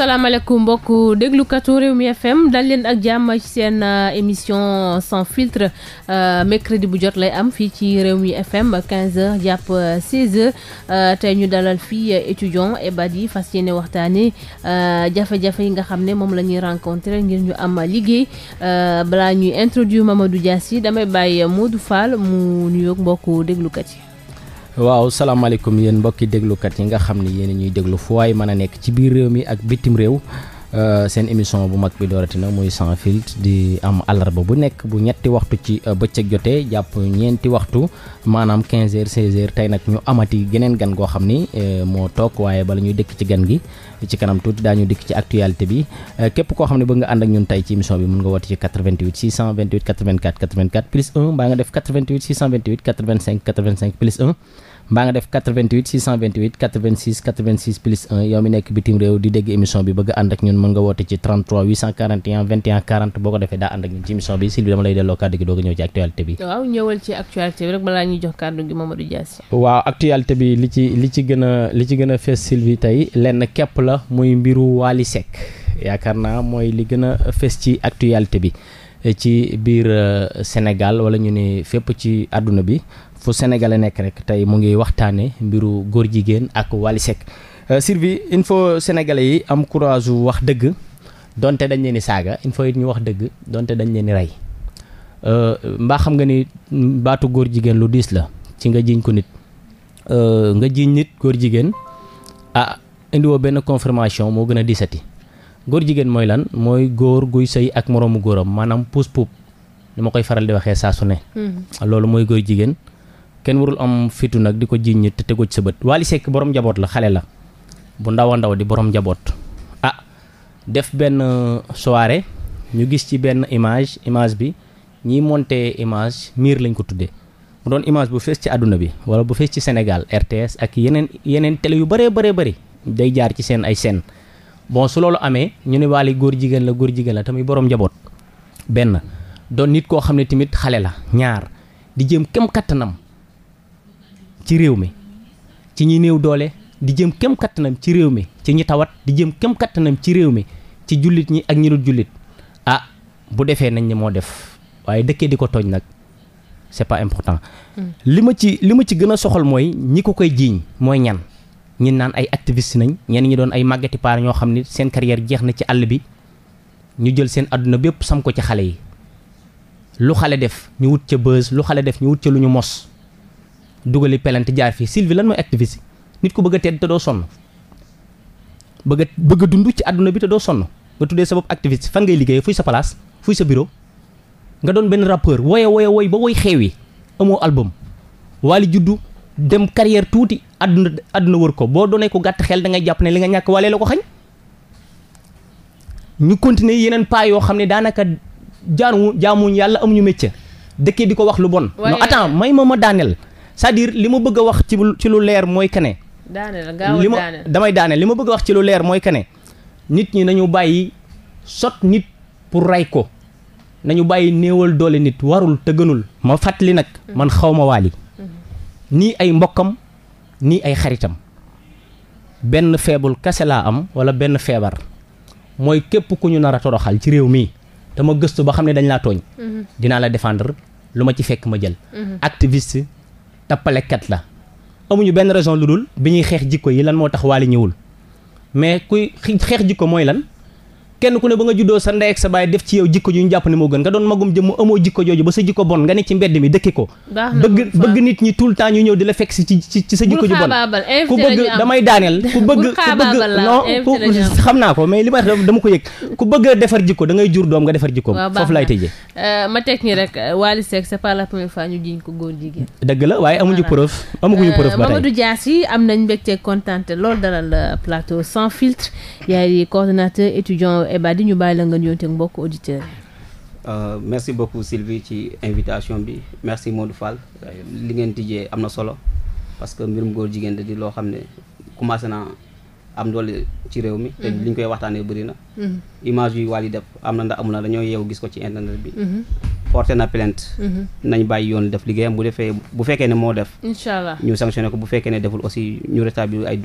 salaamaaleykum mbokku déglukatu réew Rewmi FM dal leen ak jàmm ci seen euh, émission sans filtre euh, mercredi bu jot lay am fii ci Rewmi FM 15h jàpp 16h euh, tey ñu dalal fii étudiant EBAD yi fas yéene waxtaanee jafe-jafe yi nga xam ne moom la ñuy rencontré ngir ñu am liggéey balaa ñuy introduire Mamadou Diassi damay bàyyi Modou Fall mu nuyoog mbokk déglukat yi. waaw salaamaaleykum yéen mbokki déglukat yi nga xam ni yéen ñuy déglu fu waay mën a nekk ci biir réew mi ak bitim réew euh, seen émission bu mag bi dooratina muy sans filtre di am àllarba bu nekk bu ñetti waxtu ci euh, bëccëg jotee jàpp ñeenti waxtu maanaam 15 heures 16 heures tey nag ñu amati geneen gan goo xam ni euh, moo toog waaye bala ñuy dëkk ci gan gi ci kanam tuuti daañu dikk ci actualité bi képp koo xam ne bëgg nga ànd ñun tey ci émission bi mun nga woote ci 88 mbaa nga def 88 628 86 86 plus 1 yow mi nekk bitim réew di dégg émission bi bëgg ànd ak ñun mën nga woote ci 33 841 21 40 boo ko defee daa ànd ak ñun ci émission bi Sylvie dama lay delloo kàddu gi doo ko ñëw ci actualité bi. waaw ñëwal ci actualité bi li ci li gën a li ci gën fees Sylvie tey lenn képp la muy mbiru Wally Seck yaakaar naa mooy li gën a fees ci actualité bi ci biir euh, Sénégal wala ñu ne fépp ci àdduna bi. fu sénégalais nekk rek tey mu ngi waxtaane mbiru góor jigéen ak Wally Seck euh, Sylvie il faut yi am courage wax dëgg donte dañ leen di saaga info faut it ñu wax dëgg donte dañ leen di rey euh, mbaa xam nga ni baatu góor jigéen lu diis la ci nga jiiñ ko nit euh, nga jiiñ nit góor jigéen ah indiwoo benn confirmation moo gën a diisati góor jigéen mooy lan mooy góor guy sëy ak moroomu góoram maanaam puus puub nu ma koy faral di waxee saa su ne mm-hmm. loolu mooy góor jigéen kenn warul am fitu nag di ko jiñ nit te tegoo ci sa bët Wally sekk borom njaboot la xale la bu ndaw a ndaw di borom njaboot. a ah, def benn uh, soirée ñu gis ci benn image image bi ñiy monté image miir lañ ko tuddee mu doon image bu fees ci àdduna bi wala bu fees ci senegal RTS ak yeneen yeneen télé yu bëree bëree bëri day jaar ci seen ay seen bon su loolu amee ñu ne Wally góor jigéen la góor jigéen la tamit borom njaboot benn doon nit koo xam ne tamit xale la ñaar di jëm kem kattanam. ci réew mi ci ñi néew doole di jëm kem kattanam ci réew mi ci ñi tawat di jëm kem kattanam ci réew mi ci jullit ñi ak ñi dul jullit ah bu defee nañ ne moo def waaye dëkkee di ko tooñ nag c'est pas important. Mm. li ma ci li ma ci gën a soxal mooy ñi ko koy jiiñ mooy ñan ñi naan ay activiste nañ ñenn ñi doon ay màggati paar ñoo xam ni seen carrière jeex na ci àll bi ñu jël seen àdduna bépp sam ko ci xale yi lu xale def ñu wut ca buzz lu xale def ñu wut ca lu ñu mos. dugali pelant jaar fii Sylvie lan mooy activiste nit ko bëgg a tedd te doo sonn bëgg a dund ci àdduna bi te doo sonn nga tuddee sa bopp activiste fan ngay liggéeyee fuy sa place fuy sa biro nga doon benn rappeur woye wooye wooy ba woy xeewi amoo album waali juddu dem carrière tuuti àdduna àdduna wër ko boo doonee ko gàtt xel da ngay jàpp ne li nga ñàkk waalee la ko xañ ñu continuer yeneen pas yoo xam ne daanaka jaamu jaamuñ yàlla amuñu métier dëkkee bi ko wax lu bon non attends may ma ma cest à li ma bëgg a wax ci ci lu leer mooy kane li ma damay daane li ma bëgg a wax ci lu leer mooy kane nit ñi nañu bàyyi sot nit pour rey ko nañu bàyyi néewal doole nit warul te gënul ma fàttali nag mm-hmm. man xaw ma waali mm-hmm. nii ay mbokkam nii ay xaritam benn feebul kese laa am wala benn feebar mooy képp ku ñu nar a toroxal ci réew mii dama gëstu ba xam ne dañ laa tooñ mm-hmm. dinaa la défendre lu ma ci fekk ma jël activiste tappalekat la amuñu benn raison lu dul bi ñuy xeex jikko yi lan moo tax waali ñëwul mais kuy xeex jikko mooy lan kenn ku ne ba nga juddoo sa ndey ak sa baay def ci yow jikko ju ñu jàpp ne moo gën nga doon magum jëm mu amoo jikko ba sa jikko bon la fekk si ci ci sa am nañ mbégte kontaan loolu dalal euh, plateau sans filtre yaay coordonnateur étudiant Ebadi ñu bàyyi la nga ñëw teg mbokk auditeurs yi. Euh, merci beaucoup Sylvie ci invitation bi merci Modou Fall euh, li ngeen tijjee am na solo parce que mbirum góor jigéen da loo xam ne commencé na am doole ci réew mi. te mhm. liñ koy waxtaanee bëri na. Mhm. image yu wàll yi def am na ndax amul na dañoo yeewu gis ko ci internet bi. Mhm. porté na plainte nañ bàyyi yoon def liggéeyam bu defee bu fekkee ne moo def. incha allah ñu sanctionné ko bu fekkee ne deful aussi ñu rétablir ay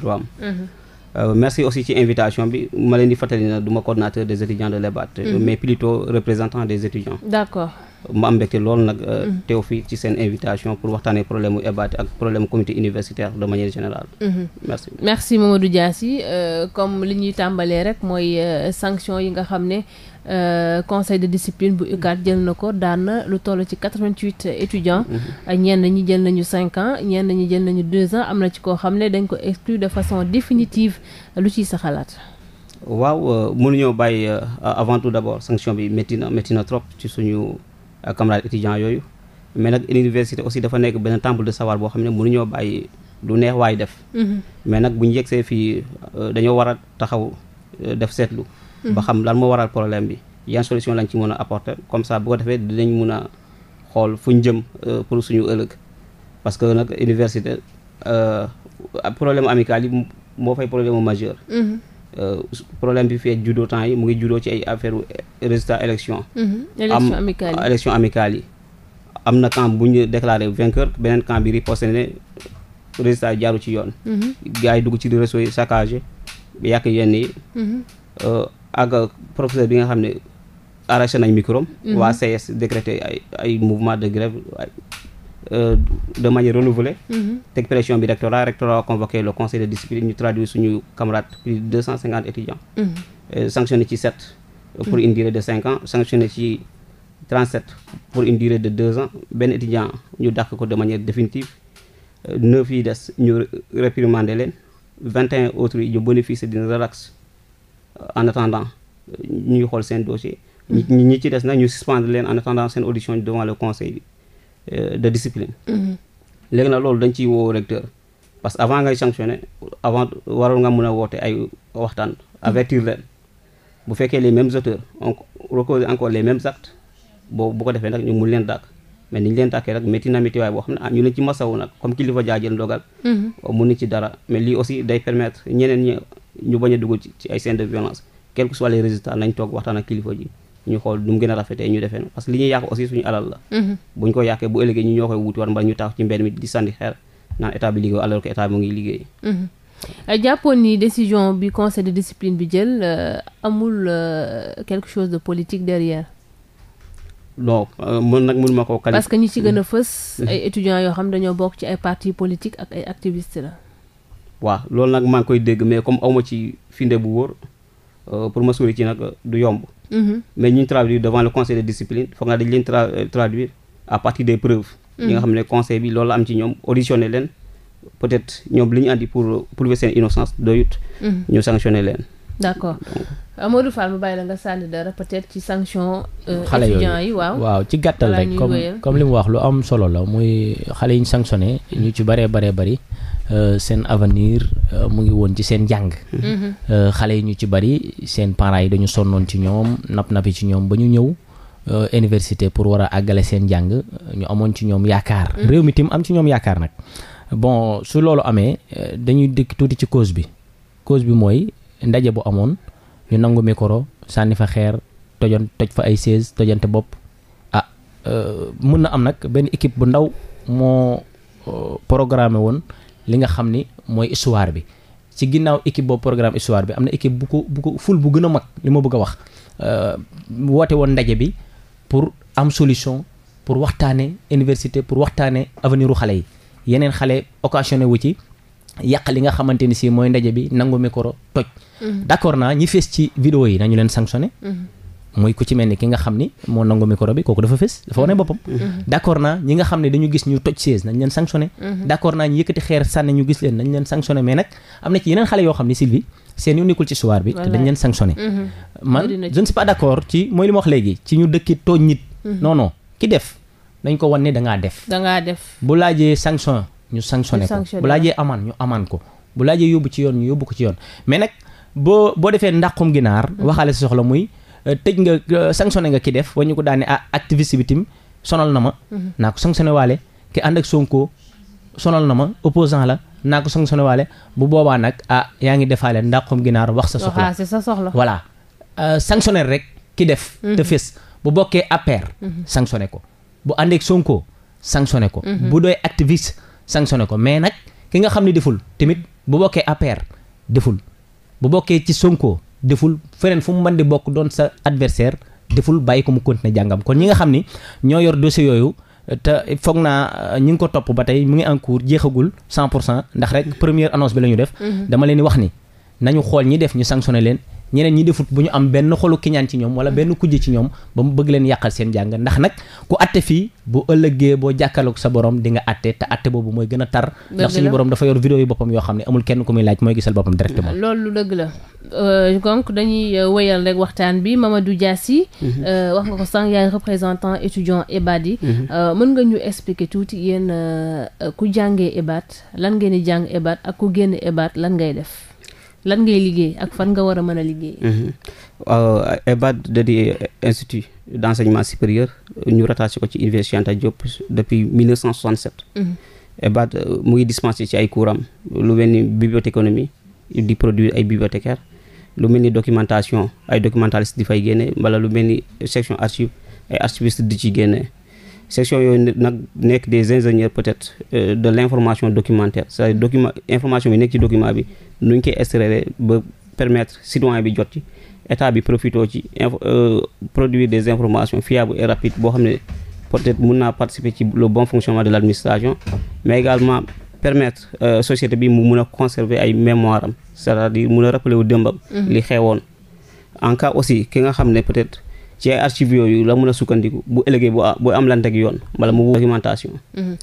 Euh, merci aussi ci invitation bi ma leen di fàttali na du ma des étudiants de l'EBAT euh, mhm. mais plutôt représentant des étudiants d'accord ma am mbégte loolu nag euh, mhm. teew fii ci seen invitation pour waxtaanee problème mu EBAT ak problème comité universitaire de manière générale mhm. merci merci Mamadou Diassi comme li ñuy tàmbalee rek mooy sanction yi nga xam ne Euh, conseil de discipline bu UCAD jël na ko daan lu toll ci quatre-vingt-huit étudiants. Mhm. ñenn ñi jël nañu cinq ans ñenn ñi jël nañu deux ans am na ci ko xam ne dañ ko exclu de façon définitive lu ciy sa xalaat. waaw euh, ñoo bàyyi euh, avant tout d'abord sanction bi métti na métti na trop ci suñu camarades étudiants yooyu mais nag université aussi dafa nekk benn temple de savoir boo xam ne mënuñoo bàyyi lu neex waay def. Mhm. mais nag bu ñu yegsee fii dañoo wa a taxaw def seetlu. ba mhm. xam lan moo waral problème bi yan solution lañ ci mën a apporter comme ça bu ko dinañ mun a xool fuñ jëm euh, pour suñu ëllëg parce que nag université euh, problème amical yi moo fay problème majeur mhm. euh, problème bi fee juddoo temps yi mu ngi juddoo ci ay affaire résultat élection mhm. am élection amicale yi am na camp bu ñu déclaré vainqueur beneen camp bi riposté ne résultat jaaru ci yoon gars yi dugg ci réseau yi saccagé yàq yenn yi ak professeur bi nga xam ne arraché nañ micro mhm. waa CS décrété ay ay mouvement de grève euh, de manière renouvelée mhm. teg pression bi rectorat rectorat a convoqué le conseil de discipline ñu traduit suñu camarade plus deux cent cinquante étudiants mhm. euh, sanctionné ci sept pour une durée de cinq ans sanctionné ci 37 pour in durée de deux ans benn étudiant ñu dàq ko de manière définitive euh, neuf yi des ñu réprimander leen 21 autres yi ñu bénéficier d'une relaxe Euh, en attendant euh, ñuy xool seen dossier. ñi ñi ci des nag ñu suspendre leen en attendant seen audition devant le conseil euh, de discipline. Mm-hmm. léegi nag loolu dañ ciy woo recteur parce que avant ngay sanctionner avant waroon nga mën a woote ay waxtaan avertir leen bu fekkee les mêmes auteurs on recommence encore les mêmes actes boobu bu ko defee nag ñu mun leen dàq mais ni leen dàkkee nag métti na métti waay boo xam ne ah ñu leen mm-hmm. ci dara mais lii aussi day permettre ñeneen ñu bañ a dugg ci ay scène de violence quel soit les résultats nañ toog waxtaan ak kilifa ji ñu xool nu mu gën a rafetee ñu defee parce que li ñuy yàq aussi suñu alal la mm-hmm. buñ ko yàqee bu ëllëgee ñu ñoo koy wuti war mbala ñu tax ci mbedd mi di sandi xeer naan état bi liggéey alors que état bi ngi liggéey mm-hmm. jàppoon ni décision bi conseil de discipline bi jël euh, amul euh, quelque chose de politique derrière non euh, mën nag mënuma koo qualifier parce que a mm-hmm. waaw loolu nag maa ngi koy dégg mais comme awma ci finde bu wóor euh, pour ma sori ci nag du yomb mm-hmm. mais ñu traduire devant le conseil de discipline foog naa dañ leen euh, traduire à partir des preuves ñi nga mm-hmm. xam ne conseil bi loolu la am ci ñoom auditionné leen peut-être ñoom li ñu andi pour euh, prouver seen innocence doyut mm-hmm. ñu sanctionné leen d'accord Amadou Fall mu bàyyi la nga sànni dara peut-être ci sanction xale yi waaw waaw ci gàttal rek comme comme li mu wax lu am solo la muy xale yi ñu sanctionné ñu ci baree baree bari Euh, seen avenir euh, mu ngi woon ci seen jàng. Mm-hmm. Euh, xale yi ñu ci bari seen parents yi dañu sonnoon ci ñoom nap napi ci ñoom ba ñu ñëw. université pour war a àggale seen njàng ñu amoon ci ñoom yaakaar. Mm-hmm. réew mi tim am ci ñoom yaakaar nag. bon su loolu amee dañuy dikk tuuti ci cause bi cause bi mooy ndaje bu amoon ñu nangu micro sànni fa xeer tojoon toj fa ay chaise tojante bopp. ah mën na am nag benn équipe bu ndaw moo programmé woon li nga xam ni mooy histoire bi ci ginnaaw équipe boobu programme histoire bi am na équipe bu ko bu ko ful bu gën a mag li ma bëgg a wax euh, woote woon ndaje bi pour am solution pour waxtaane université pour waxtaane avenir xale yi yeneen xale occasionné wu ci yàq li nga xamante ni si mooy ndaje bi nangu micro toj mm-hmm. d'accord naa ñi fees ci vidéo yi nañu leen sanctionné mm-hmm. mooy ku ci mel ni ki nga xam ni moo nangu micro bi kooku dafa fës dafa wane boppam mm-hmm. d'accord naa ñi nga xam ne dañu gis ñu toj siège nañ leen sanctionné mm-hmm. d'accord naa ñu yëkkati xeer sànni ñu gis leen nañ leen sanctionné mais nag am na ci yeneen yoo xam ni Sylvie seen yu nekkul ci soir bi te dañ leen sanctionné mm-hmm. man je pas d'accord ci mooy li ma wax léegi ci ñu dëkki tooñ nit non non ki def dañ ko wan ne dangaa def dangaa def bu laajee sanction ñu sanctionné ko bu laajee amaan ñu amaan ko bu laajee yóbbu ci yoon ñu yóbbu ko ci yoon mais nag boo boo defee ndàqum ginaar waxaale sa soxla muy tëj nga euh, sanctionné nga ki def wañu ko daal ne ah activiste bi tim sonal na ma mhm. naa ko sanctionné waale ki ànd ak Sonko sonal na ma opposant la naa ko sanctionné waale bu boobaa nag ah yaa ngi defaale ndàqum ginaar wax sa soxla voilà euh, sanctionné rek ki def mhm. te fés bu bokkee APR mhm. sanctionné ko bu àndeek Sonko sanctionné ko bu doy activiste sanctionné ko mais nag ki nga xam ne deful tamit bu bokkee APR deful bu bokkee ci Sonko deful feneen fu mu mën bokk doon sa adversaire deful bàyyi ko mu continuer jàngam kon ñi nga xam ni ñoo yor dossier yooyu te foog naa euh, ñi ngi ko topp ba tey mu ngi en jeexagul cent pour cent ndax rek première annonce bi la ñu def. Mm-hmm. dama leen di wax ni nañu xool ñi def ñu sanctionné leen. ñeneen ñi defut bu ñu am benn xolu kiñaan ci ñoom wala benn kujje ci ñoom ba mu bëgg leen yàqal seen jàng ndax nag ku atte fii bu ëllëgee boo jàkkaarloog sa borom di nga atte te atte boobu mooy gën a tar ndax suñu borom dafa yor vidéo yi boppam yoo xam ne amul kenn ku muy laaj mooy gisal boppam directement loolu dëgg la euh, donc dañuy euh, wéyal rek waxtaan bi Mamadou Diassi mhm. euh, wax nga ko sànq yaay représentant étudiant EBAD yi mhm. mën nga ñu expliquer tuuti yéen ku jàngee EBAD lan ngeen di jàng EBAD ak ku génn EBAD lan ngay def lan ngay liggéey ak fan nga war a mën a liggéey. Mhm. EBAD da di institut d' enseignement supérieur ñu rattaché ko ci université Anta Diop depuis 1967. Mhm. EBAD euh, mu ngi dispensé ci ay kuram lu mel ni bibliothéconomie di produit ay bibliothécaires lu mel ni documentation ay documentaliste di fay génne wala lu mel ni section archive ay archiviste di ci génne. section yooyu nag nekk des ingénieurs peut-être euh, de l'information documentaire c'est-à-dire document information bi nekk ci document bi nu ñu koy extraire ba permettre citoyen bi jot ci état bi profitoo ci euh, produire des informations fiables et rapides boo xam ne peut-être mun naa participer ci le bon fonctionnement de l'administration mais également permettre euh, société bi mu mun a conserver ay mémoire am c'est-à-dire mun a rappeler wu dëmbam mhm. li xewoon en cas aussi ki nga xam ne peut ci ay archives yooyu la mën a sukkandiku bu ëllëgee bu boo am lanteeg yoon wala mu documentation. Mhm.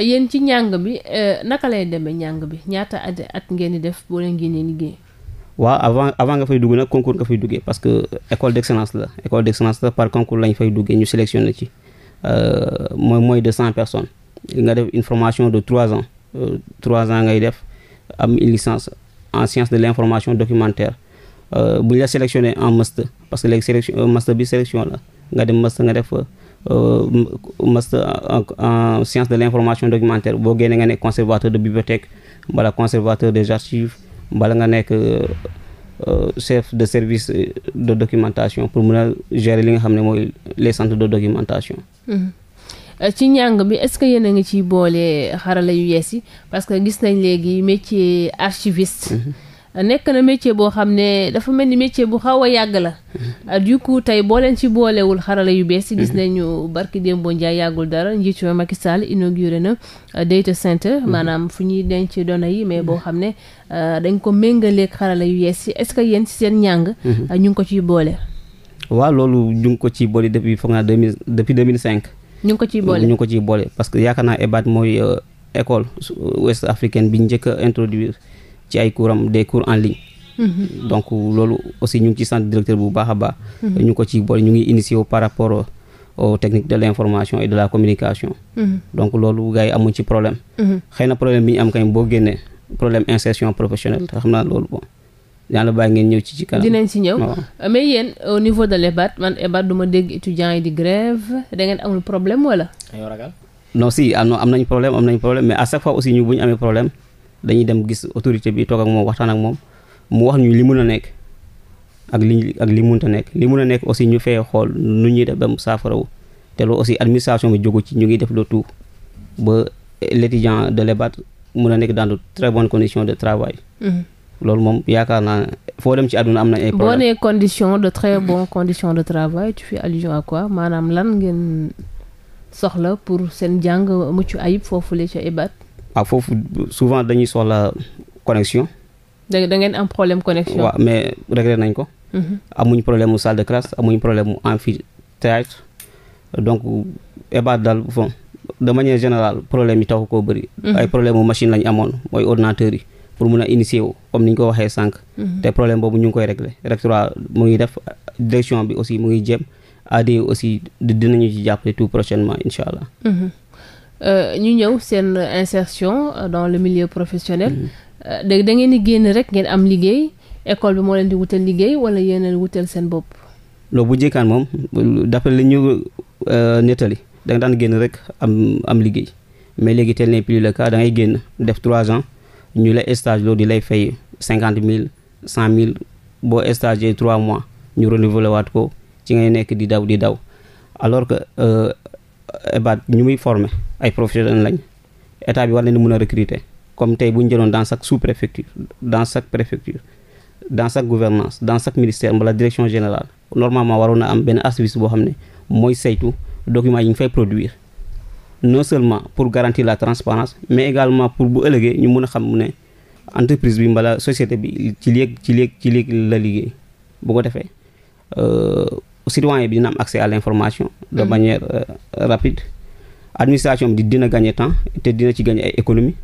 yéen ci njàng bi euh, naka lay demee njàng bi ñaata at at ngeen di def boo leen génnee liggéey. waaw avant avant nga fay dugg nag concours nga fay duggee parce que école d'excellence la école d'excellence la par concours lañ fay duggee ñu sélectionné ci euh, mooy mooy de cent personnes nga def information de trois ans euh, trois ans ngay def am une licence en sciences de l'information documentaire. Euh, bu ñu la sélectionné en master parce que léegi sélection euh, master bi sélection la nga dem master nga def euh, master en science de l' information documentaire boo génnee nga nekk conservateur de bibliothèque mbala conservateur des archives mbala nga nekk chef de service de documentation pour mun a gérer li nga xam ne mooy les centres de documentation. Mm-hmm. ci njàng bi est-ce que a ngi ciy boole xarala yu yees yi parce que gis nañ léegi métier archiviste. Mm-hmm. nekk na métier boo xam ne dafa mel ni métier bu xaw a yàgg la mm-hmm. du coup tey boo leen ci boolewul xarala yu bees yi gis mm-hmm. nañu barki démb Ndiaye yàggul dara njiitu Macky Sall inauguré na euh, data center mm-hmm. maanaam fu ñuy denc données yi mais boo xam ne euh, dañ ko méngaleeg xarala yu yees yi est-ce que yéen ci seen ñàng euh, ñu ngi ko ciy boole waaw loolu ñu ngi ko ciy boole depuis foog naa deux mille depuis deux mille cinq ñu ngi ko ciy boole ñu ngi ko ciy boole parce que yaakaar naa EBAD mooy école ouest africaine bi njëkk a introduire ci ay cours am des cours en ligne. Mhm. donc loolu aussi ñu ngi ci sant directeur bu baax a baax. Mhm. ñu ko ci boole ñu ngi initié par rapport aux techniques de l' information et de la communication. Mhm. donc loolu gars yi amuñ ci problème. xëy na problème bi ñu am kañ boo génnee problème insertion professionnelle te xam naa loolu bon. yaa la bàyyi ngeen ñëw ci ci kanam. dinañ si ñëw mais yéen au niveau de l'EBAD man EBAD du dégg étudiants yi di grève da amul problème dañuy dem gis autorité bi toog ak moom waxtaan ak moom mu wax ñu li mun a nekk ak li ak li munta nekk li mun a nekk aussi ñu fee xool nu ñuy def ba mu saafarawu te loolu aussi administration bi jógu ci ñu ngi def le tout ba l'étudiant de l'EBAT mun a nekk dans de très bonnes conditions de travail mhm. loolu moom yaakaar naa foo dem ci àdduna am na ay problème boo condition de très bonnes de travail tu fais allusion à quoi maanaam lan ngeen soxla pour seen jàng mucc ayib foofule ca EBAT ak foofu souvent dañuy soxla connexion. da ngeen am problème connexion. waaw mais réglé nañ ko. Mhm. amuñ problème mu salle de classe amuñ problème mu amphithéâtre donc EBAD dal bon de manière générale problème yi taxu koo bëri. Mhm. ay problème mu machine lañ amoon mooy ordinateur yi pour mun a initier wu comme ni ñu ko waxee sànq. Mhm. te problème boobu ñu ngi koy réglé rectorat mu ngi def direction bi aussi mu ngi jéem AD aussi dinañu ci jàppale tout prochainement incha allah. Euh, ñu ñëw seen insertion euh, dans le milieu professionnel. Mm-hmm. Euh, da da ngeen di génn rek ngeen am liggéey école bi moo leen di wutal liggéey wala yeneen a seen bopp. loolu bu njëkkaan moom d'après li ñu nettali da nga daan génn rek am am liggéey mais léegi tel ne plus le cas da ngay génn def trois ans ñu lay stage loolu di lay fay cinquante mille cent mille boo stage trois mois ñu renouveler waat ko ci ngay nekk di daw di daw EBAD ñu muy former ay professionnels lañ état bi war leen di mën a recruter comme tey bu ñu jëloon dans chaque sous-préfecture dans chaque préfecture dans chaque gouvernance dans chaque ministère mbala direction générale normalement waroon na am benn service boo xam ne mooy saytu documents yi ñu fay produire non seulement pour garantir la transparence mais également pour bu ëllëgee ñu mën a xam ne entreprise bi mbala société bi ci léeg ci léeg ci léeg la liggéey bu ko defee. Euh, citoyen bi dina am accès à l'information de mm -hmm. manière euh, rapide administration bi dina gagner temps te dina ci gagner ay économie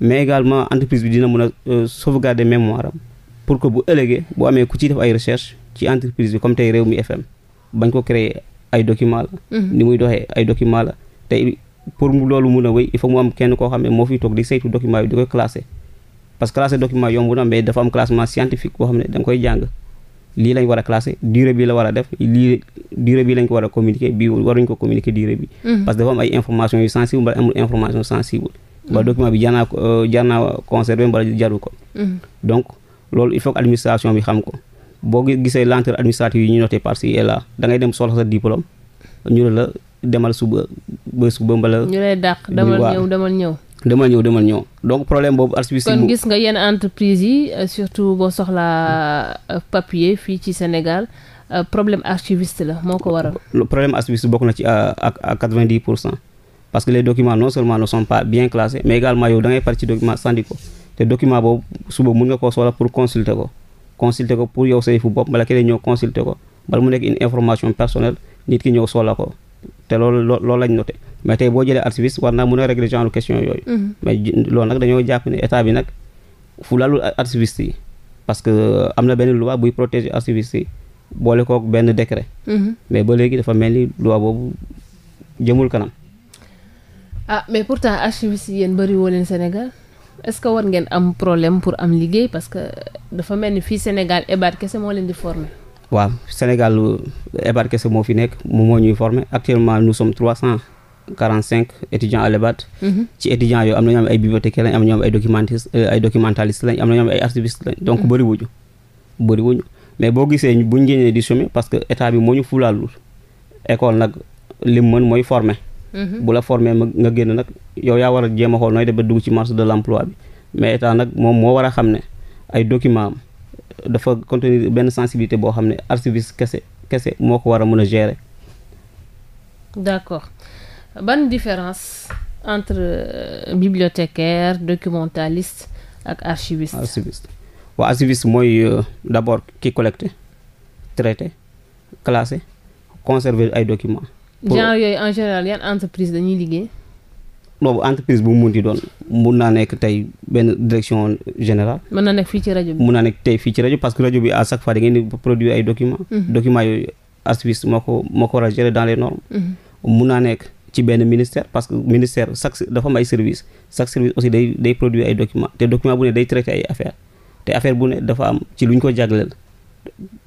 mais également entreprise bi dina mën a euh, sauvegarder mémoire am pour que bu ëllëgee bu amee ku def ay recherche ci entreprise bi comme tey Rewmi FM bañ ko créer ay document la mm-hmm. ni muy doxee ay document la te pour loolu mun a wéy il faut mu kenn koo xam ne moo fiy toog di saytu document bi di koy classé parce que classé document yomb na mais dafa am classement scientifique boo xam ne da nga koy jàng lii lañ war a classé durée bi la war a def lii durée bi lañ ko war a communiquer bi waruñ ko communiquer durée bi mhm. parce que dafa am ay information yu sensible mbala amul information sensible mbala mhm. document bi jarnaa euh, jarnaa mbala jaru ko mhm. donc loolu il faut administration bi xam ko boo gisee lenteur administrative yi ñu noté par ci et là da dem soxla sa diplôme ñu la demal suba ba suba mbala ñu lay dàq demal ñëw demal ñëw demal ñëw demal ñëw donc problème boobu archiviste kon gis nga yenn entreprise yi euh, surtout boo soxlaa euh, papier fii ci Sénégal euh, problème archiviste la moo ko waral. problème archiviste bokk na ci ak à quatre-vingt-dix pour cent parce que les documents non seulement ne sont pas bien classés mais également yow da ngay par ci document sandi ko te document boobu suba mun nga koo soxla pour consulter ko consulter ko pour yow say fu bopp bala keneen ñëw consulter ko bala mu nekk une information personnelle nit ki ñëw soxla ko. te loolu loolu lañ noté mais tey boo jëlee archiviste war naa mën a régler genre question yooyu mm-hmm. mais loolu nag dañoo jàpp ne état bi nag fu lalul archiviste yi parce que am na benn loi buy protéger archiviste yi boole kook benn décret mm-hmm. mais ba léegi dafa mel ni loi boobu jëmul kanam ah mais pourtant archiviste yi yéen bëri woo leen Sénégal est-ce que war ngeen am problème pour am liggéey parce que dafa mel ni fii Sénégal EBAD kese moo leen di former waaw Sénégal EBAD kese moo fi nekk moom moo ñuy former actuellement nous sommes trois cent quarante cinq étudiants à l'EBAD mhm. ci étudiants yooyu am na ñoo am ay bibliothécaires lañ am na ñoo am ay documentistes euh, ay documentalistes lañ am na ñoo am ay archivistes lañ donc mhm. bëri wuñu mais boo gisee buñ génnee di chômer parce que état bi moo ñu fulaalul école nag lim mën mooy former mhm. bu la ma nga génn nag yow yaa war a jéem a xool nooy def ba dugg ci marché de l'emploi bi mais état nag moom moo war a xam ne ay documents dafa contenir benn sensibilité boo xam ne archiviste kese kese moo ko war a mën a gérer. d'accord ban différence entre euh, bibliothécaire documentaliste ak archiviste. archiviste waa archiviste mooy euh, d'abord ki collecter traité classer conserver ay documents. pour genre yooyu en général yan entreprise dañuy liggéey. boobu entreprise bu mun di doon mun naa nekk tey benn direction générale. mun naa nekk fii ci rajo mun naa nekk tey fii ci rajo parce que rajo bi à chaque fois da ngeen di ay documents. Mhm. documents mhm. naa nekk ci benn ministère parce que ministère chaque dafa am ay service chaque service aussi day day produire ay documents te document bu ne day traiter ay affaires te affaire bu ne dafa am ci lu ñu ko jagleel.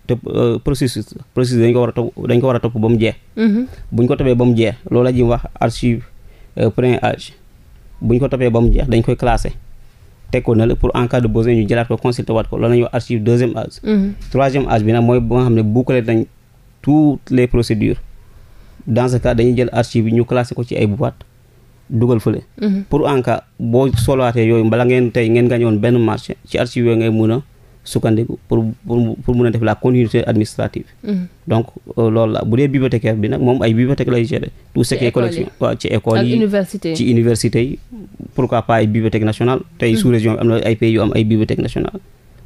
te euh, processus processus dañ ko war a topp dañ ko war a ba mu jeex. Mhm. bu ñu ko toppee ba mu jeex loolu la ñuy wax archive. Euh, point âge bu ñu ko toppee ba mu jeex dañ koy classé teg ko na la pour en cas de besoin ñu jëlaat ko consulté waat ko loolu la archive deuxième âge mhm. troisième âge bi nag mooy ba nga xam ne bouclé nañ toutes les procédures dans ce cas dañuy jël archive ñu classé ko ci ay boîte dugal fële mhm. pour en cas boo solaatee yooyu mbala ngeen tey ngeen gañoon benn marché ci archive yooyu ngay mun sukkandiku pour pour pour mun a def la continuité administrative. Mm-hmm. donc euh, loolu la bu dee bibliothécaire bi nag moom ay bibliothèque lay gérer. tout ce qui est collection waaw ci école yi ci université yi. pourquoi pas ay bibliothèque nationale tey mm-hmm. sous région bi am na ay pays yu am ay bibliothèque nationale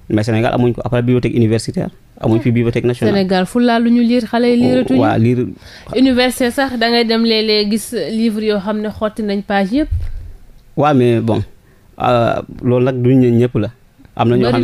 mais Sénégal amuñ ko après bibliothèque universitaire amuñ fi bibliothèque nationale. Sénégal fu laa lu ñu liir xale yi liiratuñu. waaw liir université sax da ngay dem léeg-léeg gis livre yoo xam ne xotti nañ page yëpp. waaw mais bon euh, loolu ñëpp la. am na ñoo xam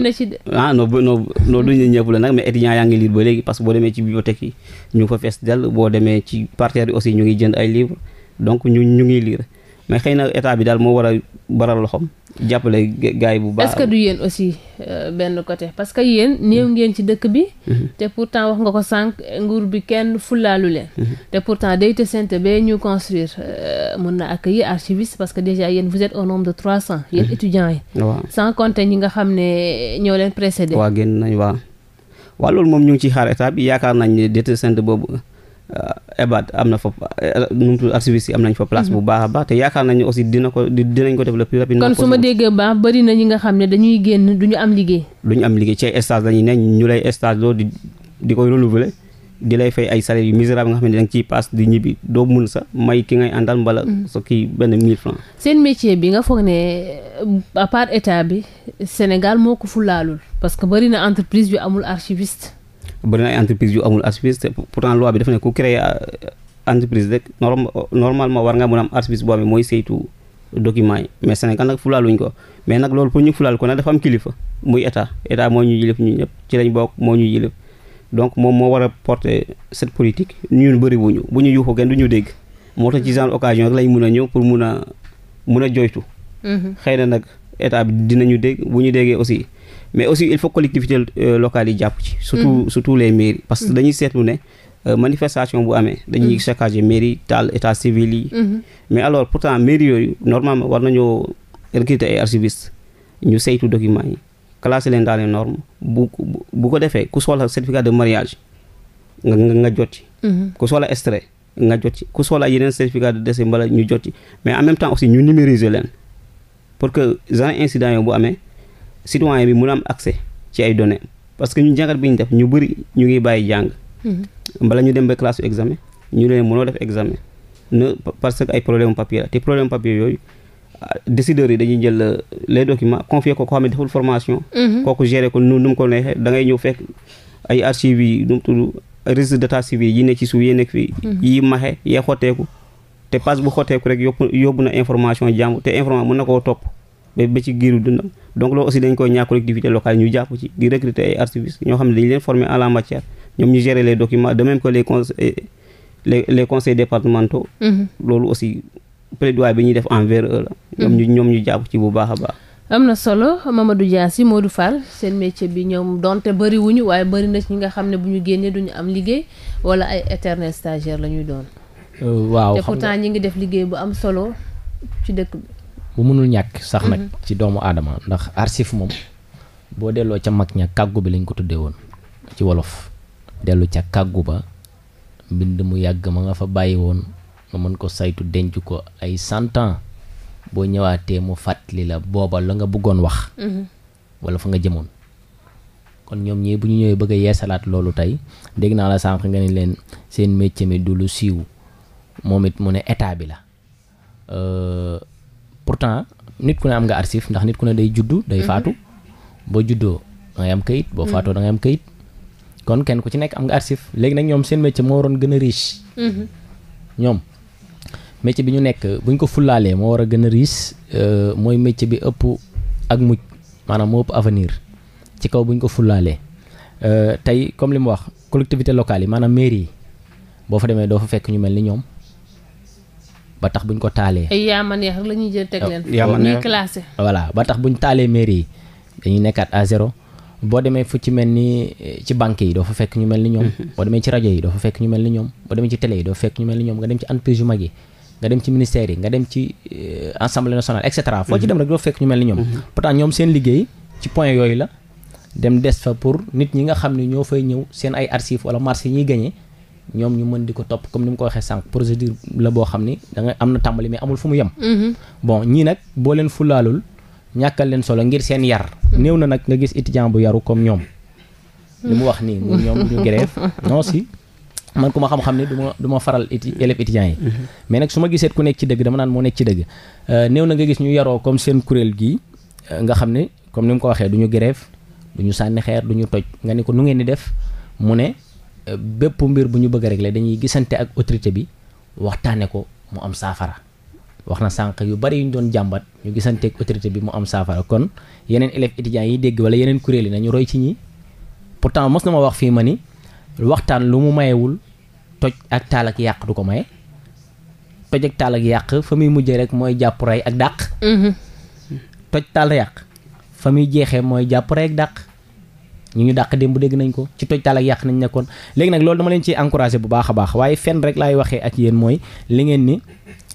ah non non non duñu ñëpp la nag mais étudiants yaa ngi liir ba léegi parce que boo demee ci bibliothèque yi ñu ngi fa fees dell boo demee ci parterre yi aussi ñu ngi jënd ay livres donc ñu ñu ngi liir mais xëy na état bi daal moo war a baral loxoom jàppale gaay bu baax. est du yéen aussi euh, benn côté parce que yéen néew ngeen ci dëkk bi. Mhm. te pourtant wax nga ko sànq nguur bi kenn fulaalu leen. Mhm. te pourtant Deité Sainté ba ñu construire euh, mun na accueillir archiviste parce que déjà yéen vous êtes au nombre de trois cents. yéen mhm. étudiants yi. waaw sans compter ñi nga xam ne ñoo leen précédé. waa génn nañ waa waa loolu moom ñu ngi ciy xaar état bi yaakaar nañ ne Deité Sainté boobu. Euh, EBAD am na fa euh, nu mu tudd yi am nañ fa place bu mhm. baax a baax te yaakaar nañu aussi dina ko dinañ ko def le plus rapidement kon su ma déggee baax bari na ñi nga xam ne dañuy génn du ñu am liggéey du ñu am liggéey ci ay stage lañuy ne ñu lay stage loo di di koy renouveler di lay fay ay salaire yu bi nga xam ne da nga ciy paas di ñibbi doo mun sa may ki ngay àndal mbala mhm. so kii benn 1000 francs seen métier bi nga foog ne euh, à part état bi Sénégal moo ko parce que bëri na entreprise yu amul archiviste bëri na ay entreprise yu amul aspis te pourtant loi bi dafa ne ku créer euh, entreprise rek norm normalement war nga mën a am aspis boo xam ne mooy saytu document yi mais Sénégal nag fulaaluñ ko mais nag loolu pour ñu fulaal ko nag dafa kilifa muy état état moo ñu yilif ñu ñëpp ci lañ bokk moo ñu yilif donc moom moo war a porter cette politique ñun bëri wuñu bu ñu yuuxu kenn du ñu dégg moo tax ci genre occasion rek lañ mun a ñëw pour mun a mun a joytu mm-hmm. xëy na nag état bi dinañu dégg ñu déggee aussi mais aussi il faut collectivité euh, locale yi jàpp ci. surtout mm. surtout les mairies. parce que mm. dañuy seetlu ne euh, manifestation bu amee. dañuy mm. saccagé mairie taal état civil yi. Mm-hmm. mais alors pourtant mairie yooyu normalement war nañoo recruter ay archivistes ñu saytu documents yi classé leen dans les normes bu bu ko defee ku soxla certificat de mariage nga nga jot ci. Mm-hmm. ku soola extrait nga jot ci ku soxla yeneen certificat de décès mbala ñu jot mais en même temps aussi ñu numériser leen pour que genre incident bu amee. citoyen bi mun a ci ay parce que ñun jàngat bi ñu def ñu bëri ñu ngi bàyyi jàng. Mm-hmm. bala ñu dem ba classe examen ñu leen mënoo def examen ne parce que ay problème papier la te problème papier yooyu ah, décideurs yi dañuy jël euh, les documents confier ko ko xam ne deful formation. Mm-hmm. kooku gérer ko nu mu ko neexee da ngay ñëw fekk ay archives yi nu mu tudd registre yi nekk ci suuf yi nekk fii. Mm-hmm. yi maxe yee xotteeku te passe bu xotteeku rek yóbbu yóbbu na information jàmm te information mën na koo topp. ba ba ci giiru dundam donc loolu aussi dañ koy ñaax collectivité locale ñu jàpp ci di recruter ay archivistes ñoo xam ne dañu leen former en la matière ñoom ñu gérer les documents de même que les conseils eh, les les conseils mm-hmm. loolu aussi plaidoyer bi ñuy def envers eux la. ñoom ñu mm-hmm. ñoom ñu jàpp ci bu baax a baax. am na solo Mamadou Diassi Modou Fall seen métier bi ñoom donte bëri wuñu waaye bëri na ci ñi nga xam ne bu ñu génnee duñu am liggéey wala ay la ñuy doon. Euh, waaw xam nga te pourtant ñi ngi def liggéey bu bu mënul ñàkk sax nag mhm. ci doomu aadama ndax arsif moom boo delloo ca mag ña kàggu bi lañ ko tuddee woon ci wolof dellu ca kàggu ba mbind mu yàgg ma nga fa bàyyi woon nga mën ko saytu denc ko ay cent boo ñëwaatee mu fàttali la booba la nga bëggoon wax mhm. wala fa nga jëmoon kon ñoom ñii bu ñu ñëwee bëgg a yeesalaat loolu tey dégg naa la sànq nga ni leen seen métier mi du lu siiw moom it mu ne état bi la euh, pourtant nit ku ne am nga arsif ndax nit ku ne day juddu day mhm. faatu boo juddoo da ngay am kayit boo mhm. faatoo da am kayit kon kenn ku ci nekk am nga arsif léegi nag ñoom seen métier moo waroon gën a riche mhm. ñoom métier bi ñu nekk buñ ko fullaalee moo war a gën a riche euh, mooy métier bi ëpp ak mujj maanaam moo ëpp avenir ci kaw buñ ko fullaalee euh, tey comme li mu wax collectivité locale yi maanaam mairie yi boo fa demee doo fa fekk ñu mel ni ñoom ba tax buñ ko taalee. ay yaama neex la ñuy jël teg leen. yaama neex ñuy classé. voilà ba tax buñ taalee mairie yi dañuy nekkaat à zéro boo demee fu ci mel ni eh, ci banque yi doo fa fekk ñu mel ni ñoom. Mm-hmm. boo demee ci rajo yi doo fa fekk ñu mel ni ñoom boo demee ci télé yi fekk ñu mel ni ñoom nga dem ci entreprise yu mag yi. nga dem ci ministère yi nga dem ci eh, assemblée nationale et cetera. foo ci mm-hmm. dem rek doo fekk ñu mel ni ñoom. Mm-hmm. pourtant ñoom seen liggéey ci point yooyu la dem des fa pour nit ñi nga xam ne ñoo fay ñëw seen ay archives wala marché yi ñuy ñoom ñu mën di ko topp comme ni mu ko waxee sànq procédure la boo xam ni da am na tàmbali mais amul fu mu yem. Mm-hmm. bon ñii nag boo leen fulaalul ñàkkal leen solo ngir seen yar. Mm-hmm. néew na nag nga gis étudiant bu yaru comme ñoom. Mm-hmm. li mu wax nii mu ñoom ñu grève non si man ku ma xam-xam ni du ma du faral éti élèves yi. mais nag su ma gisee ku nekk ci dëgg dama naan moo nekk ci dëgg. Euh, néew na nga gis ñu yaroo comme seen kuréel gii euh, nga xam ne comme ni mu ko waxee du ñu grève du ñu sànni xeer du ñu toj nga ni ko nu ngeen di def mu ne. Euh, bépp mbir bu ñu bëgg a régler dañuy gisante ak autorité bi waxtaane ko mu am saafara wax na sànq yu bari yu ñu doon jàmbat ñu gisante ak autorité bi mu am saafara kon yeneen élèves étudiants yi dégg wala yeneen kuréel yi nañu roy ci ñi pourtant mos na ma wax fii ma ni waxtaan lu mu mayewul toj ak taal ak yàq du ko may toj ak taal ak yàq fa muy mujjee rek mooy jàpp ak dàq mm-hmm. toj yàq fa jeexee mooy jàpp rey ak dàq ñu ñu dàq démb dégg nañ ko ci tojtal ak yàq nañ nekkoon léegi nag loolu dama leen ciy encouragé bu baax a baax waaye fenn rek laay waxee ak yéen mooy li ngeen ni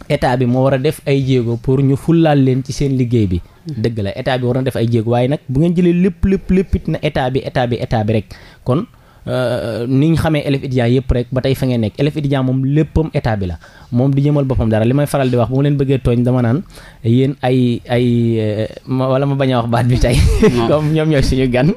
état bi moo war a def ay jéego pour ñu fullaal leen ci seen liggéey bi dëgg la état bi war na def ay jéego waaye nag bu ngeen jëlee lépp lépp léppit na état bi état bi état bi rek kon Euh, ni ñu xamee élève étudiant yëpp rek ba tey fa ngeen nekk élève étudiant moom léppam état bi la moom du jëmal boppam dara li may faral di wax bu ma leen bëggee tooñ dama naan yéen ay ay euh, ma wala ma bañ a wax baat bi tey comme ñoom ñooy suñu gan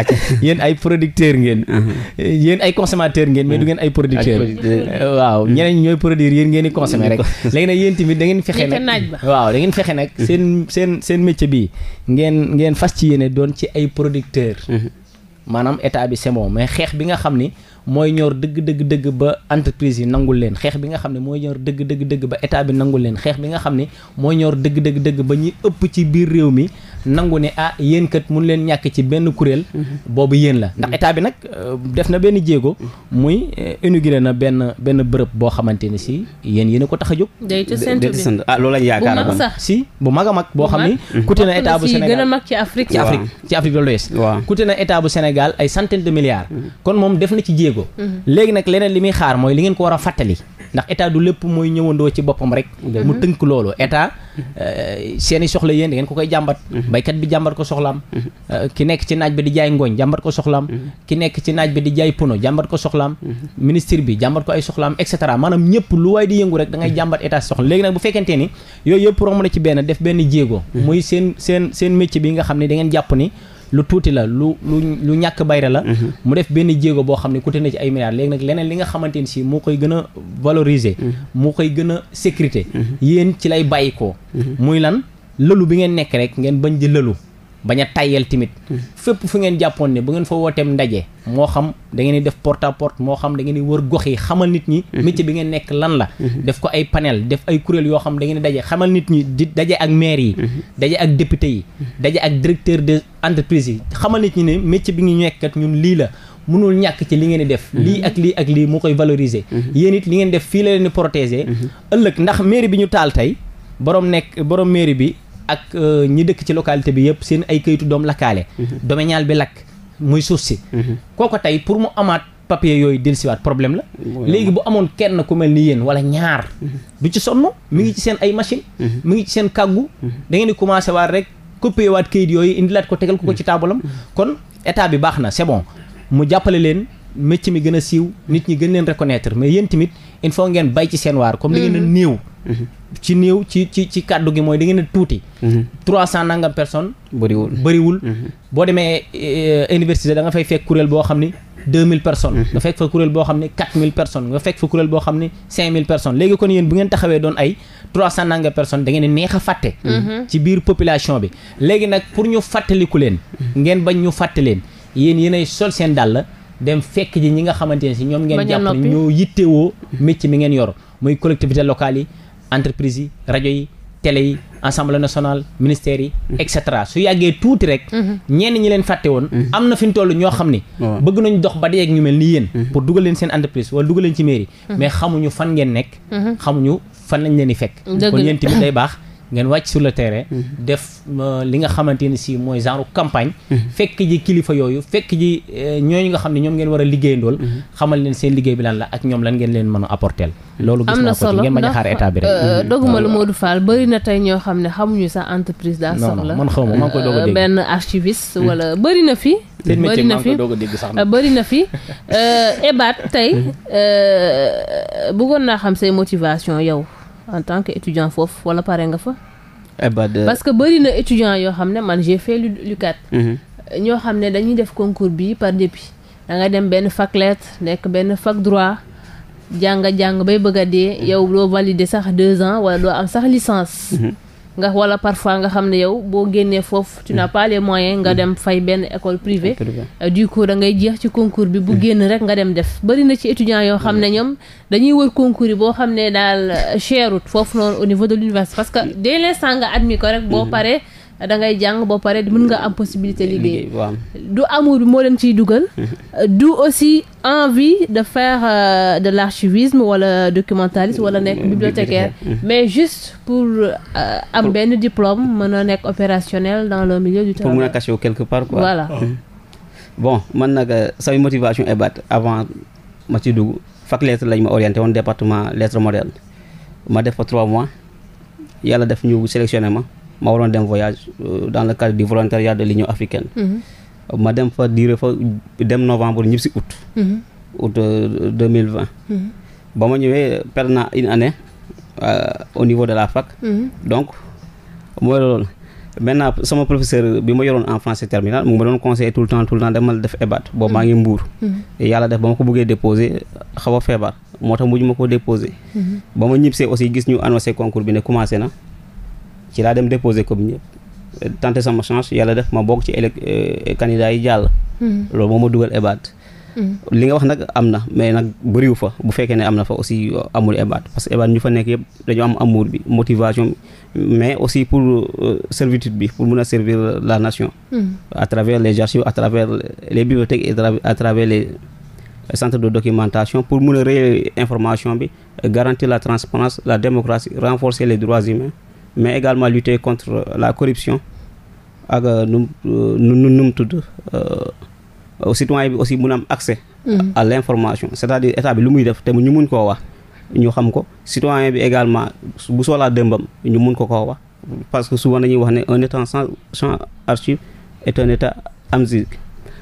yéen ay producteur ngeen uh-huh. yéen ay consommateur ngeen mais du ngeen ay producteur euh, waaw hmm. ñeneen ñooy produir yéen ngeen di consommer hmm. rek léegi nag yéen tamit da ngeen fexe nag waaw da ngeen fexe nag seen seen seen métier bi ngeen ngeen fas ci yéene doon ci ay producteur hmm. maanaam état bi semon mais xeex bi nga xam ni mooy ñor dëgg dëgg dëgg ba entreprise yi nangu leen xeex bi nga xam ne mooy ñor dëgg dëgg dëgg ba état bi nangu leen xeex bi nga xam ne mooy ñor dëgg dëgg dëgg ba ñi ëpp ci biir réew mi nangu ne ah yéen kat mun leen ñàkk ci benn kuréel mhm. boobu yéen la ndax mhm. état bi nag euh, def na benn jéego mhm. muy euh, inauguré na benn benn bërëb boo xamante ne si yéen yéen a ko tax a jóg ah loolu lañ yaakaar si bu mag a mag boo xam ni coûté na état bu Sénégal gën ci Afrique ci Afrique ci Afrique waaw coûté na bu Sénégal ay centaines de milliards kon moom def na ci jéego léegi nag leneen li muy xaar mooy li ngeen ko war a fàttali ndax état du lépp mooy ñëwandoo ci boppam rek mu tënk loolu état Eh, seen i soxla yéen da ngeen ko koy jàmbat mhm. baykat bi jàmbat ko soxlaam mhm. eh, ki nekk ci naaj bi di jaay ngooñ jàmbat ko soxlaam mhm. ki nekk ci naaj bi di jaay pono jàmbat ko soxlaam ministre bi jàmbat ko ay soxlaam et cetera maanaam ñëpp lu waaye di yëngu rek da ngay jàmbat état soxla léegi nag bu fekkentee ni yooyu yëpp romb na ci benn def benn jéego muy seen seen seen métier bi nga xam ne dangeen jàpp ni lu tuuti la lu lu lu ñàkk bayre la mhm. mu def benn jéego boo xam ne coûté na ci ay milliards léegi nag leneen li nga xamante ni si moo koy gën a valoriser mhm. moo koy gën a sécurité mhm. yéen ci lay bàyyikoo muy lan lëlu bi ngeen nekk rek ngeen bañ di lëlu bañ a tayyal tamit hmm. fépp fu ngeen jàppoon ne bu ngeen fa wooteem ndaje moo xam da ngeen di def port à porte moo xam da ngeen di wër gox yi xamal nit ñi hmm. métier bi ngeen nekk lan la hmm. def ko ay panel def ay kuréel yoo xam da ngeen di daje nit ñi di daje ak maire yi daje ak député yi daje ak directeur de entreprise yi xamal nit ñi ne métier bi ngi nekkat ñun lii la mënul ñàkk ci li ngeen di def lii ak lii ak lii mu koy valoriser yéen it li ngeen def fii la leen di protéger ëllëg ndax mairie bi ñu taal tey borom nekk borom mairie bi ak euh, ñi dëkk ci localité bi yëpp seen ay kayitu doom lakkaale mhm. domanial bi lakk muy suuf si mhm. kooko tey pour mu amaat papier yooyu dellusiwaat problème la léegi bu amoon kenn ku mel ni yéen wala ñaar mhm. du ci sonn mu ngi ci seen ay machine mi ngi ci seen kàggu dangeen ngeen di commencé waat rek copier waat kayit yooyu indilaat ko tegal ko ko ci taabalam kon état bi baax na sebon mu jàppale leen métier mi gën a siiw nit ñi gën leen reconnaître mais yéen tamit il faut ngeen bay ci seen waar comme da ngeen a mhm. néew mhm. ci néew ci ci ci kàddu gi mooy da ngeen a tuuti mhm. trois cent nangam personne bëriwul bëriwul boo demee euh, université da nga fay fekk kuréel boo xam ni deux mille personnes nga fekk fa kuréel boo xam ne quatre mille personnes nga fekk fa kuréel boo xam ne cinq mille personnes léegi kon yéen bu ngeen taxawee doon ay trois cent nanga neex a fàtte ci biir population bi léegi nag pour ñu fàttaliku leen ngeen bañ ñu fàtte leen yéen yéenay sol seen dàll dem fekk ji ñi nga xamante ne si ñoom ngeen jàpp ne ñoo yittewoo métier mi ngeen yor muy collectivité locale yi entreprise yi rajo yi télé yi assemblée nationale ministère yi mm-hmm. et cetera su yàggee tuuti rek mm-hmm. ñeen ñi leen fàtte woon mm-hmm. am na fi ñu toll ñoo xam ni bëgg nañ dox ba deeg ñu mel ni yéen pour dugal leen seen entreprise wala dugal leen ci mairie mais xamuñu fan ngeen nekk xamuñu fan lañ leen di fekk kon yéen tamit day baax ngeen wàcc sur le terrain. Mm-hmm. def euh, li nga xamante ne si mooy genre campagne. Mm-hmm. fekk ji kilifa yooyu fekk ji euh, ñooñu nga xam ne ñoom ngeen war a liggéeyandool. Mm-hmm. xamal leen seen liggéey bi lan la ak ñoom lan ngeen leen mën a apporter. loolu gis naa ko ngeen bañ a xaar état bi rek. Euh, doguma lu Modou Fall bari na tey ñoo xam ne xamuñu sax entreprise. daa soxla man xaw ma maa ngi koy doog a dégg benn archiviste wala bari na fi. seen métier maa ngi a dégg sax bari na fi ebaat tey bëggoon naa xam say motivation yow. en tant que étudiant foofu wala pare nga fa. Eh parce que bëri na étudiant yoo xam ne man j'ai fait l'UCAD mhm. ñoo xam ne dañuy def concours bi par dépit da dem benn fac lettre nekk benn fac droit jàng jàng bay bëgg a dee. Mhm. yow doo valider sax deux ans wala doo am sax licence. Mhm. nga wala parfois nga xam ne yow boo génnee foofu tu n'as pas les nga mm. dem fay benn école privée euh, du coup da ngay jeex ci concours bi bu mm. génn rek nga dem def bëri na ci étudiants yoo xam ne mm. ñoom dañuy wër concours yi boo xam ne daal euh, cherut foofu noonu au niveau de l'université parce que dès l'instant nga admis ko rek boo paree da ngay jàng ba pare mën nga am possibilité liggéey du amour moo leen ciy dugal du aussi envie de faire euh, de l'archivisme wala documentaliste wala nekk mm, bibliothécaire mais juste pour euh, am benn diplôme mën a nekk opérationnel dans le milieu du travail pour mën a cacher quelque part quoi voilà ah. mm. bon man nag euh, samay motivation est baat avant ma ci dugg fac lettre lañ ma orienté woon département lettre moderne ma def fa trois mois yàlla def ñu sélectionné ma ma waroon dem voyage euh, dans le cadre du volontariat de l'Union africaine. Mhm. ma dem fa diire fa dem novembre ñëpp si août. Mhm. Euh, mhm. euh, de la fac. donc mooy loolu maintenant sama professeur bi ma yoroon en français terminal mu ma doon conseiller yàlla def ba ma ko bëggee déposé xaw a feebar moo tax mujj ma ko déposé. ba ma ñibbisee aussi gis ñu annoncé concours bi ne commencé na. ci laa dem déposé comme ñëpp tenté sama chance yàlla def ma bokk ci élec euh, candidat yi jàll. Hmm. loolu moo ma dugal EBAT. Hmm. li nga wax nag am na mais nag bëriwu fa bu fekkee ne am na fa aussi euh, amul EBAT parce que EBAT ñu fa nekk yëpp dañoo am amour motivation mais aussi pour euh, servitude bi pour mun a servir la nation. Hmm. à travers les archives à travers les bibliothèques et à travers les centres de documentation pour mun a réer information bi garanti la transparence la démocratie renforcer les droits humains. mais également lutter contre la corruption ak euh, nu euh, nu nu mu tudd euh, citoyen bi aussi mun am accès. Hmm. à l' information c' à dire état bi lu muy def te ñu mun koo wax ñu xam ko citoyen bi également bu soxlaa dëmbam ñu mun ko koo wax parce que souvent dañuy wax ne un état sans sans archive est un état hmm.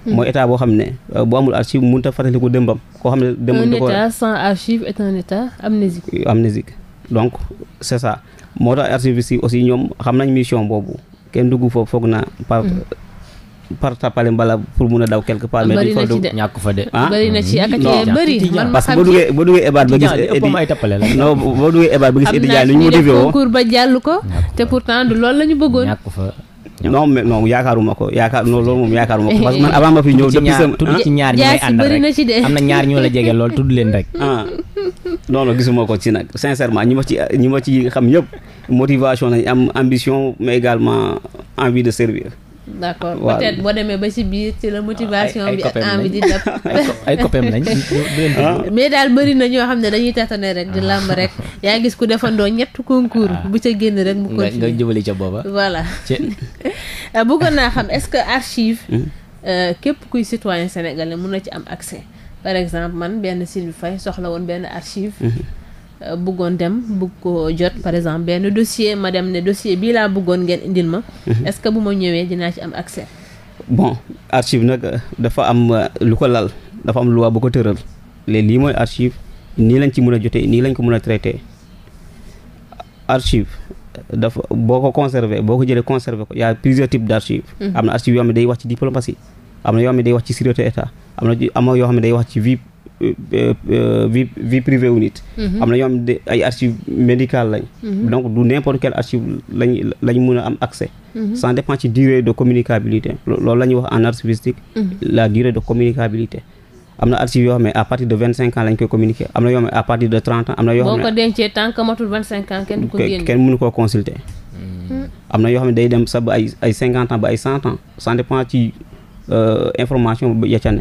mooy état boo xam ne bu amul archive mun ta fàttali ko dëmbam. koo xam ne dëmbam da ko un état sans archive est un état amnésique. amnésique donc c' est ça. moo tax archiviste yi aussi ñoom xam nañ mission boobu kenn dugg foofu foog na par hmm. par tapale bala pour mun a daw quelque part. mais dañu fa ñàkk fa de. ah bëri na ci ak ci bëri. man ma xam parce que boo duggee boo duggee Ebaat ba gis. Edi ay la boo duggee Ebaat ba gis Edi Diagne ñu motivé woo. am na ba jàll ko. te pourtant du loolu la ñu bëggoon. ñàkk fa. non mais non yaakaaruma ko yaakaar non loolu moom yaakaaruma ko parce man avant ma fi ñëw depuis sama tudd ci ñaar ñi may rek am na ñaar ñoo la jege lool tudd leen rek ah non non gisuma ko ci nag sincèrement ñi ma ci ñi ma ci xam ñëpp motivation lañ am ambition mais également envie de servir d' accord peut boo demee ba si biir ci la motivation bi ak envie di def ay copains lañ ah. mais daal bëri na ñoo xam ne dañuy tâtonner rek di ah. làmb rek yaa gis ku defandoo ñett concours ah. bu ca génn rek mu continue nga jëbali ca booba voilà euh, bëggoon naa xam est ce que archive hmm. euh, képp kuy citoyen sénégalais mun na ci am accès par exemple man benn Sylvie Faye soxla woon benn archive hmm. Euh, buggoon dem bëgg ko jot par exemple benn dossier ma dem ne dossier bii laa bëggoon ngeen indil ma. Mhm. est-ce que bu ma ñëwee dinaa ci am accès. bon archive nag euh, dafa am euh, lu ko lal dafa am loi bu ko tëral lii mooy archive nii lañ ci mën a jotee nii lañ ko mën a traité archive daf boo ko conservé boo ko jëlee conservé ko y a plusieurs types d' archive mhm. am na archive yoo xam ne day wax ci diplomatie am na yoo xam ne day wax ci sécurité état am na yoo xam ne day wax ci vie Euh, vie vie privée wu nit. Mhm. am na ñoo am ay archives médicales mhm. du n'importe quel archive lañ lañ mën mhm. ci durée de communicabilité loolu la ñuy wax en archivistique. la durée de communicabilité. na archives yoo xam ne à partir de vingt cinq ans lañ koy communiquer am na yoo xam ne à partir am na yoo xam ne boo ko hmm. Hmm. am na yoo xam day dem sa ba ay ay cinquante ans ba ay cent ans ça dépend ci euh, information ya ca ne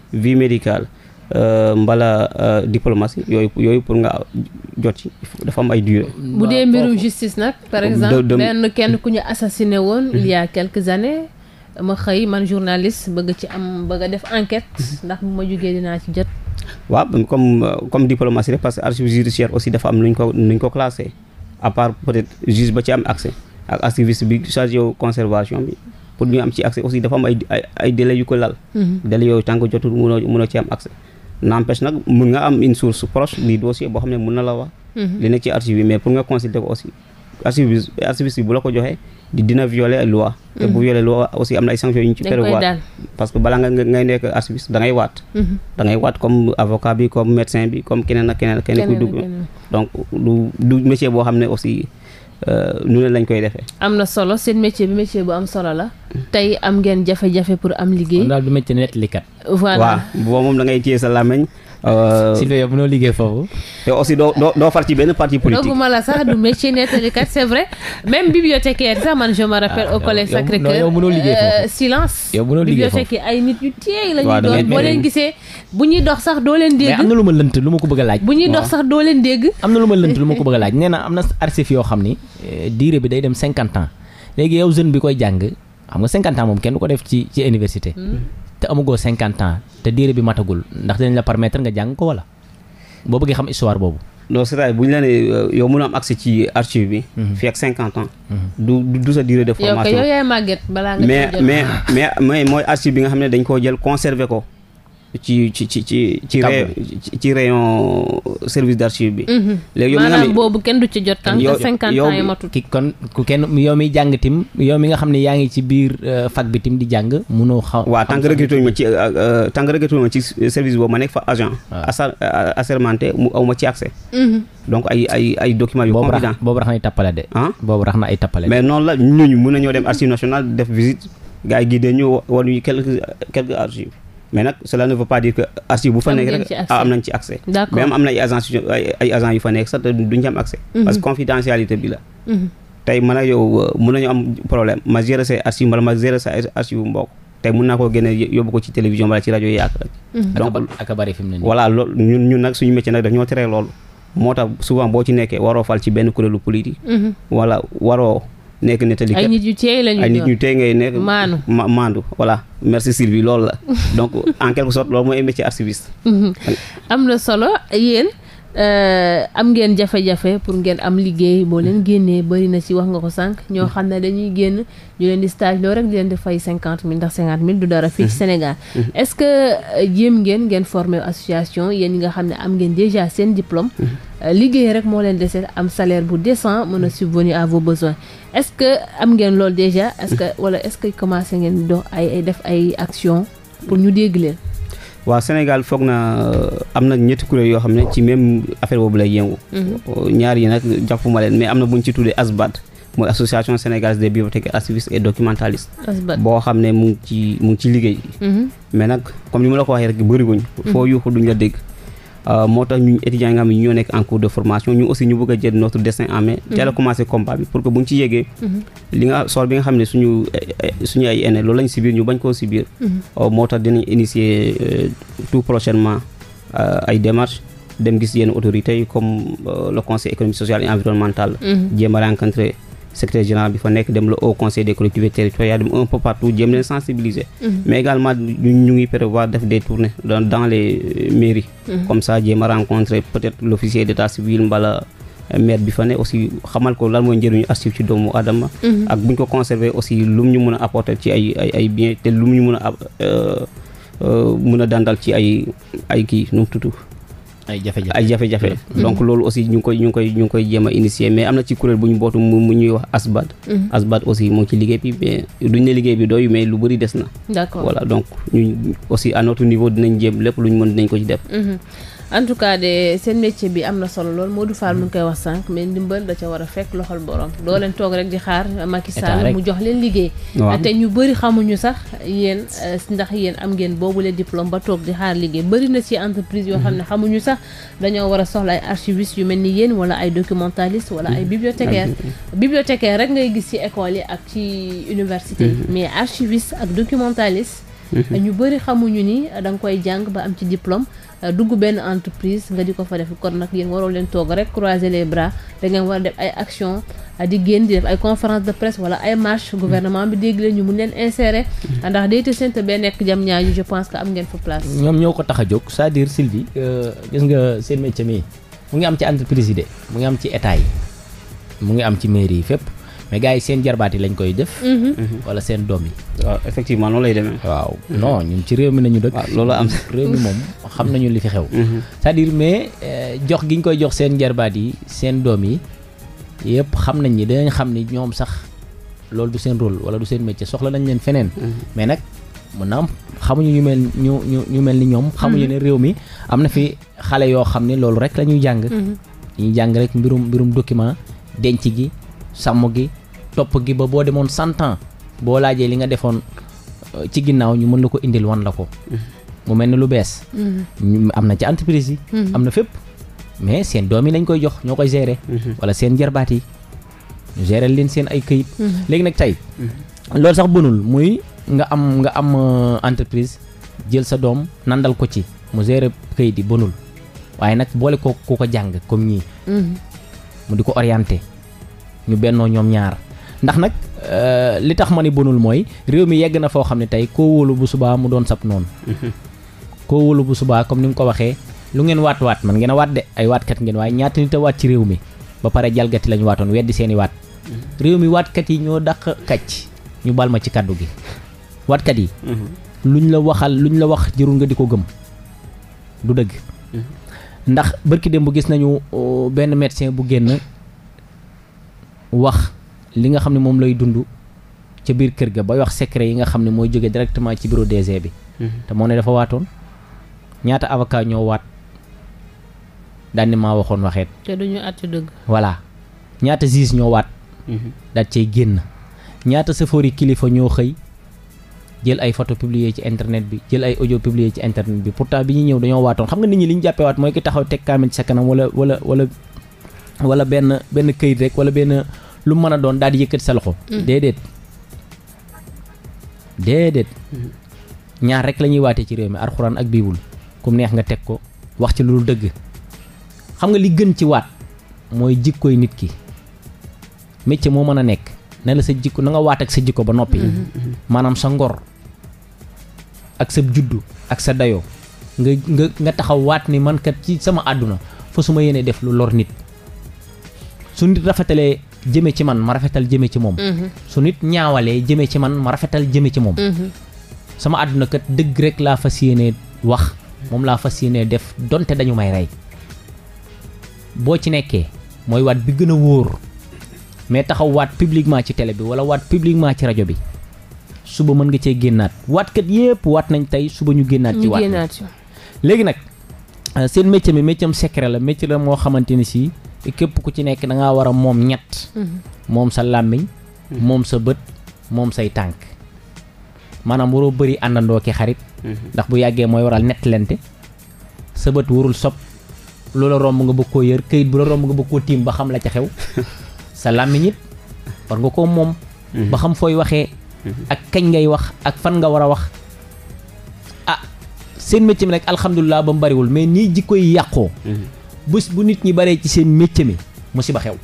vie médicale euh, mbala euh, diplomatie yooyu yooyu pour nga jot ci dafa am ay durée. bu dee mbirum justice nag. par exemple benn kenn ku ñu assassiné woon. Mhm. il y a quelques années. ma xëy man journaliste bëgg ci am bëgg def enquete mhm. ndax bu ma jógee dinaa ci jot. waaw comme comme diplomatie rek parce que archives aussi dafa am lu ko lu ñu ko classé à part peut-être juge ba ci am accès ak activiste bi chargé yow conservation bi. pour ñu am ci accès aussi dafa am ay ay a yu ko lal mm-hmm. délais yooyu tant que jotul ci am accès n'empêche nag mun nga am une source proche du dossier boo xam ne mun na la wax mm-hmm. nekk ci archive mais pour nga consulter ko aussi archiviste bu la ko joxee di dina violer loi te bu mm-hmm. violer loi aussi am na ay sanctions ñu ci prévoir parce que balaa nga nekk archiviste da waat da waat comme avocat comme médecin bi comme keneen ak keneen ak keneen Euh, nu ne lañ koy defee. am na solo seen métier bi métier bu am solo la. tey am ngeen jafe-jafe pour am liggéey. daal du métier nettalikat. voilà waaw boobu moom da ngay téye sa làmmiñ Euh, Sylvain yow mënoo liggéey foofu. yow aussi doo doo doo far ci benn parti politique. dooguma la sax du métier nettalikat c'est vrai même bibliothécaire sax man je me rappelle ah, au collège Sacré-Cœur. yow mënoo liggéey foofu euh, silence. yow mënoo liggéey foofu bibliothécaire ay nit yu téye la ñu doon boo leen gisee. bu ñuy dox sax doo leen dégg. mais am na lu ma lënt lu ma ko bëgg a laaj. bu ñuy dox sax doo leen dégg. am na lu ma lënt lu ma ko bëgg a laaj nee na am na archives yoo xam ni euh, diire bi day dem cinquante ans léegi yow jeune bi koy jàng xam nga cinquante ans moom kenn du ko def ci ci université hmm. te amugoo cinquante ans te diire bi matagul ndax dañ la permettre nga jàng ko wala boo bëggee xam histoire boobu. non cest bu ñu la nee euh, yow mën a am accès ci archive bi. Mhm. fii ak cinquante ans. Mhm. du du sa de formation. yow kay yow yaay màgget balaa nga mais mais mais mooy archive bi nga xam ne dañ koo jël conserver ko. ci ci ci ci ci ci rayon service d'archive bi. Mhm. léegi yow mi nga xam ne boobu kenn du ci jot. tant que cinquante ans yi kon ku kenn yow mi jàng yow mi nga xam ne yaa ngi ci biir euh, fac bi tim di jàng mënoo xaw. waaw tant que recruté ma ci euh, euh, tant que recruté ci service boobu ma nekk fa agent. waaw ah. assermenté mu aw ma ci accès. Mhm. donc ay ay ay documents yu. compétent boobu rax na ay tappale de. Ah? boobu rax na ay tappale de. mais noonu la mun a ñoo dem archive nationale def visite gars yi guidé ñu war ñu quelques quelques mais nag cela ne veut pas dire que archive bu fa nekk rek ah, am nañ ci accès même am na ay agence ay agents yu fa nekk sax duñ ci am accès mhm. parce que confidentialité bi la mhm. tey man ak yow euh, mën am problème ma gérer say archive wala ma gérer sa archive mbokk tey mun na koo génne yóbbu ko ci télévision wala ci rajo yi ak mhm. donc ak bari fi mu ne voilà loolu ñun ñun nag suñu métier nag daf ñoo teree loolu moo tax souvent boo ci nekkee waroo fal ci benn kuréelu politique wala waroo nekk nettali ay nit yu teey lañu ay nit yu teey ngay nekk maandu maandu voilà merci Sylvie loolu la donc en quelque sorte loolu mooy métier archiviste mhm. am na solo yéen euh, am ngeen jafe-jafe pour ngeen am liggéey boo leen génnee bëri na ci wax nga ko sànq ñoo xam ne dañuy génn ñu leen di stage loolu rek di leen di fay cinquante mille ndax cinquante mille du dara fii ci mhm. Sénégal mhm. est-ce que jéem euh, ngeen ngeen former association yéen ñi nga xam ne am ngeen déjà seen diplôme euh, liggéey rek moo leen desee am salaire bu décent mën a subvenir à vos est-ce que am ngeen lool déjà. est-ce que wala est-ce que commencé ngeen dox ay ay def ay actions pour ñu dégg leen. waaw Sénégal foog na euh, am na ñetti kuréel yoo xam ne ci même affaire boobu lay yëngu. Mhm. ñaar yi nag jàppuma leen mais am na bu ñu ci tuddee ASBAD mooy association sénégalaise des bibliothécaires archivistes et documentalistes. boo xam ne mu ngi ci mu ngi ci liggéey. Mhm. mais nag comme ni ma la ko waxee rek bëriwuñ. Mhm. foo yuuxu duñ la dégg. Euh, moo tax ñu étudiants yi nga xam ne ñoo nekk en cours de formation ñu aussi ñu bëgg a jël notre destin en main mhm. teel a commencé combat bi pour que bu ñu ci yégee mhm. li nga sor bi nga xam ne suñu suñu ay aînés loolu lañ si biir ñu bañ koo si biir mhm. euh, moo tax dinañ initier euh, tout prochainement ay démarches dem gis yenn autorités comme le conseil économique social et environnemental jéem a rencontrer secrétaire général bi fa nekk dem la au conseil des collectivités territoriales dem un peu partout jéem leen sensibiliser. Mhm. mais également ñu ngi prévoir def des tournées dans dans les euh, mhm. comme ça jéem a rencontrer peut-être l'officier d'état civil mbala. Euh, maire bi fa ne aussi xamal ko lan mooy njëriñu archive ci doomu adama mhm. ak buñ ko conserver aussi lu ñu mun a apporter ci ay ay ay bien te lu ñu mën a euh, mën a dandal ci ay kii nu mu ay jafe-jafe ay jafe-jafe mm. Mm. donc loolu aussi ñu ngi koy ñu ngi koy ñu ngi koy jéem a initier mais am na ci kuréel bu ñu bootu mu ñuy wax asbad mm. asbad aussi moo ci liggéey bi mais duñ ne liggéey bi doyu mais lu bëri des na d'accord voilà donc ñu aussi à notre niveau dinañ jéem lépp lu ñu mën dinañ ko ci def mm-hmm. en tout cas de seen métier bi am na solo lool Modou Fall mu ngi koy wax sànq mais ndimbal da ca war a fekk loxol borom doo leen toog rek di xaar Macky Sall mu jox leen liggéey te ñu bëri xamuñu sax yéen euh, ndax yéen am ngeen boobu leen diplôme ba toog di xaar liggéey bëri na ci entreprise yoo xam ne mhm. xamuñu sax dañoo war a soxla ay archiviste yu mel ni yéen wala ay documentaliste wala ay mhm. bibliothécaire mhm. bibliothécaire rek ngay gis ci école yi ak ci université mais archiviste ak documentaliste ñu bëri xamuñu ni da nga koy jàng ba am ci diplôme Euh, dugg benn entreprise nga di ko fa def kon nag yéen waroo leen toog rek croiser les bras da ngeen war ay action euh, di génn di def ay conférence de presse wala ay marche gouvernement bi dégg leen ñu mun leen insérer mm. ndax dayta sent ba nekk jam ñaayu je pense que am ngeen fa place ñoom ñoo ko tax a jóg c'est-à-dire Sylvie euh, gis nga seen métier mi mu ngi am ci entreprise yi de mu ngi am ci état yi mu ngi am ci mairie yi fépp mais yi seen jarbaat yi lañ koy def. Mhm. Mhm. wala seen doom yi. waaw effectivement noonu lay demee. waaw mhm. non ñun ci réew mi nañu dëkk. waaw loolu am réew mi moom xam nañu li fi xew. c'est-à-dire mais euh, jox gi koy jox seen jarbaat yi seen doom yi yëpp xam nañ ni dinañ xam ni ñoom sax loolu du seen rôle wala du seen métier soxla nañ leen feneen. mais nag mun na xamuñu ñu mel ñu ñu ñu mel ni ñoom. xamuñu ne réew mi am na fi xale yoo xam ne loolu rek la jàng. ñu jàng rek mbirum mbirum document denc gi sàmm gi. topp gi ba boo demoon cent ans boo laajee li nga defoon euh, ci ginnaaw ñu mën la ko indil wan la ko. Mm-hmm. mu mel ni lu bees. Mm-hmm. am na ci entreprise yi. Mm-hmm. am na fépp mais seen doom yi lañ koy jox ñoo koy gérer. wala seen jarbaat yi gérer leen seen ay këyit. léegi nag tey loolu sax bënul muy nga am nga am euh, entreprise jël sa doom nandal ko ci mu gérer këyit yi bënul waaye nag boole ko ku ko jàng comme ñii. mu di ko orienté ñu bennoo ñoom ñaar. ndax nag euh, li tax ma ni bonul mooy réew mi yegg na foo xam ne tey koo wóolu bu subaa mu doon sab noonu. koo wóolu bu subaa comme ni nga ko waxee lu ngeen waat waat man ngeen waat de ay waatkat ngeen waaye ñaata nit a waat ci réew mi ba pare jalgati lañu waatoon weddi seeni waat. Mm-hmm. réew mi waatkat yi ñoo dàq kàcc ñu bal ma ci kàddu gi waatkat yi. Mm-hmm. luñ la waxal luñ la wax jërul nga di ko gëm du dëgg. Mm-hmm. ndax bërki démb gis nañu euh, benn médecin bu génn wax. li nga xam ne moom lay dund ca biir kër ga bay wax secret yi nga xam ne mooy jóge directement ci bureau DG bi. Mhm. te moo ne dafa waatoon ñaata avocat ñoo waat daan ni waxoon waxeet. te duñu àtte dëgg. voilà ñaata juge ñoo waat. Mhm. daal génn ñaata sëfoori kilifa ñoo xëy jël ay photo publier ci internet bi jël ay audio publier ci internet bi pourtant bi ñu ñëw dañoo waatoon xam nga nit ñi li ñu jàppee waat mooy ki taxaw teg kaamil ci sa kanam wala wala walla wala benn benn këyit rek lu mën a doon daal di yëkkati sa loxo. Mm. déedéet déedéet. Mm. ñaar rek lañuy ñuy waatee ci réew mi alxuraan ak biibul ku neex nga teg ko wax ci lu dëgg xam nga li gën ci waat mooy jikkooy nit ki métier moo mën a nekk na la sa jikko na nga waat ak sa jikko ba noppi. Mm-hmm. maanaam sa ngor ak sa juddu ak sa dayo nga nga nga taxaw waat ni man ci sama àdduna fa su ma yéene def lu lor nit su nit rafetalee jëme ci man ma rafetal jëme ci moom mhm. su nit ñaawalee jëme ci man ma rafetal jëme ci moom mhm. sama àdduna kat dëgg rek laa fas yéenee wax moom laa fas yéenee def donte dañu may rey boo ci nekkee mooy waat bi gën a wóor mais taxaw waat publiquement ci télé bi wala waat publiquement ci rajo bi suba mën nga cee génnaat waatkat yépp waat nañ tey suba ñu génnaat ci waat léegi nag euh, seen métier mi métier am secret la métier la moo xamante ni si képp ku ci nekk da ngaa war a moom ñett mhm. moom sa làmmiñ mhm. moom sa bët moom say tànk maanaam waroo bëri àndandoo ki xarit mhm. ndax bu yàggee mooy waral nettalente sa bët warul sob loola romb nga bëgg koo yër kayit bu la romb nga bëgg koo tiim ba xam la ca xew sa làmmiñ it war nga koo moom ba xam fooy waxee ak kañ ngay wax ak fan nga war a wax ah seen métier mi nag alhamdulilah ba mu bariwul mais nii jikko yi yàqoo bés bu nit ñi baree ci seen métier mi si ba xew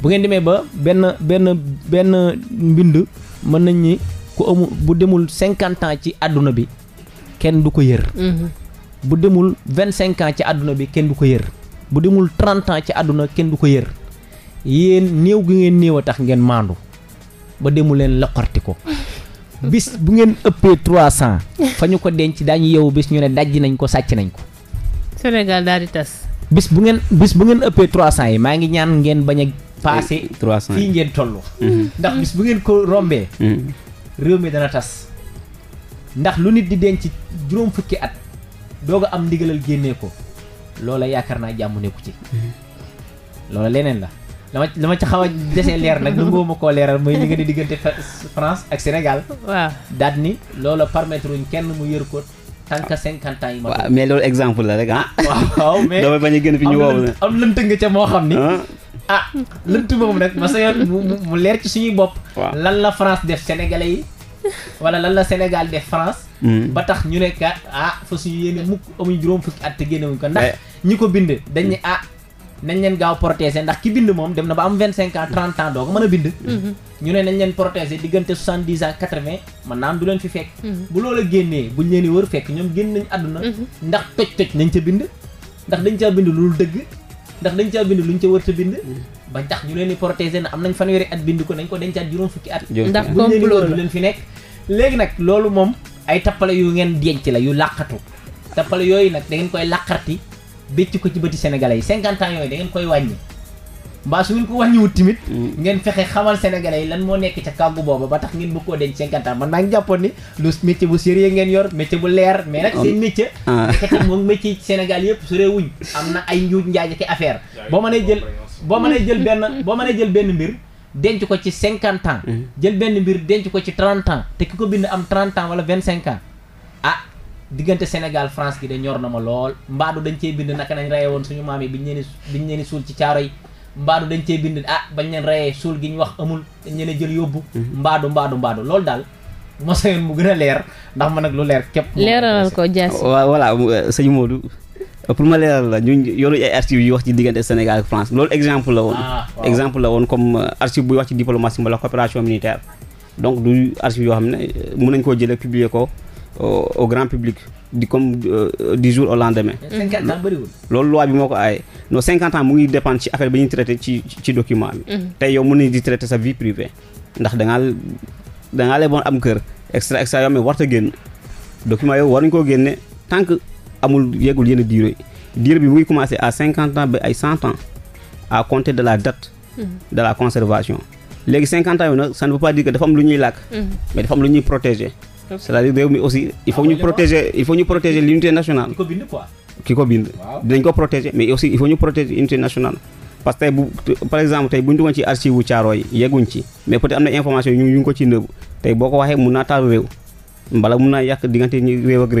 bu ngeen demee ba benn benn benn mbind mën nañ ni ku amul bu demul cinquante ans ci àdduna bi kenn du ko yër mhm. bu demul vingt cinq ci àdduna bi kenn du ko yër bu demul trente ans ci àdduna kenn du ko yër yéen néew gi ngeen néew a tax ngeen maandu ba demu leen loqorti ko bis bu ngeen ëppee trois cent fa ñu ko denc daañu yeewu bis ñu ne dajji nañ ko sàcc nañ ko Sénégal daal di tas. bis bu ngeen bis bu ngeen ëppee 300 yi maa ngi ñaan ngeen bañ a passé. 300 eh, fii ngeen toll. Mhm. ndax bis bu ngeen ko rombee. Mhm. réew mi dana tas. ndax lu nit di denc juróom fukki at doo ko am ndigalal génnee ko loola yaakaar naa jàmm nekku ci. Mhm. loola leneen la dama dama ci xaw a desee leer nag nangu ma koo leeral mooy ñu nga ne diggante France ak Sénégal. waaw daal ni loola permettre wuñ kenn mu yër tànka cinquante ans yi ma. waaw mais loolu exemple la rek ah. waaw bañ a fi ñu woowu la am lënt nga ca moo xam ni. ah, ah lënt boobu rek ma sañoon mu leer ci suñuy bopp. lan la France def sénégalais yi wala lan la Sénégal def France. Hmm. ba tax ñu ne ah fa suñu yéene mukk amuñ juróom fukki at te génnewuñ ko ndax ñi ko bind dañ ne ah. nañ leen gaaw protéger ndax ki bind moom dem na ba am vingt cinq ans trente ans doo ko mën a bind mhm. ñu ne nañ leen protéger diggante soixante dix ans quatre vingt man naam du leen fi fekk mhm. bu loola génnee buñ leen di wër fekk ñoom génn nañ àdduna mhm. ndax toj toj nañ ca bind ndax dañ caa bind lu dëgg ndax dañ caa lu ñu ca wër ta bind ba tax ñu leen di protéger na am nañ fanweeri at bind ko nañ ko dencaat juróom fukki at ndax buñ leen leen fi nekk léegi nag loolu moom ay tappale yu ngeen denc la yu làqatu tappale yooyu nag da ngeen koy làqarti bécc ko ci bëti sénégalais yi 50 ans yooyu da ngeen koy wàññi mbaa su ngeen ko wàññiwut tamit mm. ngeen fexe xamal sénégalais yi lan moo nekk ca kàggu booba ba tax ngeen bëgg koo denc 50 ans man maa ngi jàppoon ni lu métier bu sérieux ngeen yor métier bu leer mais nag seen métier kat ah. moom métier Sénégal yëpp su réewuñ am na ay njuuj njaaj ak affaire boo mënee jël boo mënee jël benn boo mënee jël benn mbir denc ko ci 50 ans mm. jël benn mbir denc ko ci 30 ans te ko bind am 30 ans wala 25 ans ah, diggante Sénégal France gi de ñor na ma lool mbaadu dañ cee bind naka nañ reye woon suñu maam yi biñ leen biñ leen suul ci caaro yi mbaadu dañ cee bind ah bañ leen reyee suul gi ñu wax amul dañ leen jël yóbbu mhm. mbaadu mbaadu mbaadu loolu daal ma mosoyoon mu gën a leer ndax man nag lu leer képp leeralal ko jaas waaw voilà euh, sëñ Modou pour ma leeral la ñu yoruñu ay archives yu wax ci diggante Sénégal ak France loolu exemple la woon ah, exemple la woon comme euh, archive buy wax ci diplomatie mbala coopération militaire donc du archive yoo xam ne euh, mën nañ koo jëlee publier ko au, au grand public di comme euh, du jour au lendemain. 50 ans bëriwul. loolu loi bi moo ko aaye non 50 ans mu ngi dépendre ci affaire bi ñuy traité ci ci document bi. Mhm. tey yow mën nañu di traité sa vie privée ndax da ngaa da ngaa leboon am kër extra extra yoo xam ne warut a génn document yow waruñu koo génne tant que amul yeggul yenn diir yi bi mu ngi commencé à 50 ans ba ay 100 ans a compter de la date. Mhm. de la conservation léegi 50 ans yooyu nag ça pas dire que dafa lu ñuy làkk. Mhm. mais dafa lu ñuy protéger. c'est-à-dire réew mi aussi il faut ñu protéger l'unité nationale. ki ko bind dinañ ko protéger mais aussi il faut ñu protéger unité nationale. par exemple tey bu ñu ci archive caaro yi yegguñ ci mais peut-être am na information ñu ngi ci nëbb tey boo waxee mun naa taal réew mbala mun naa yàq diggante ñi réew ak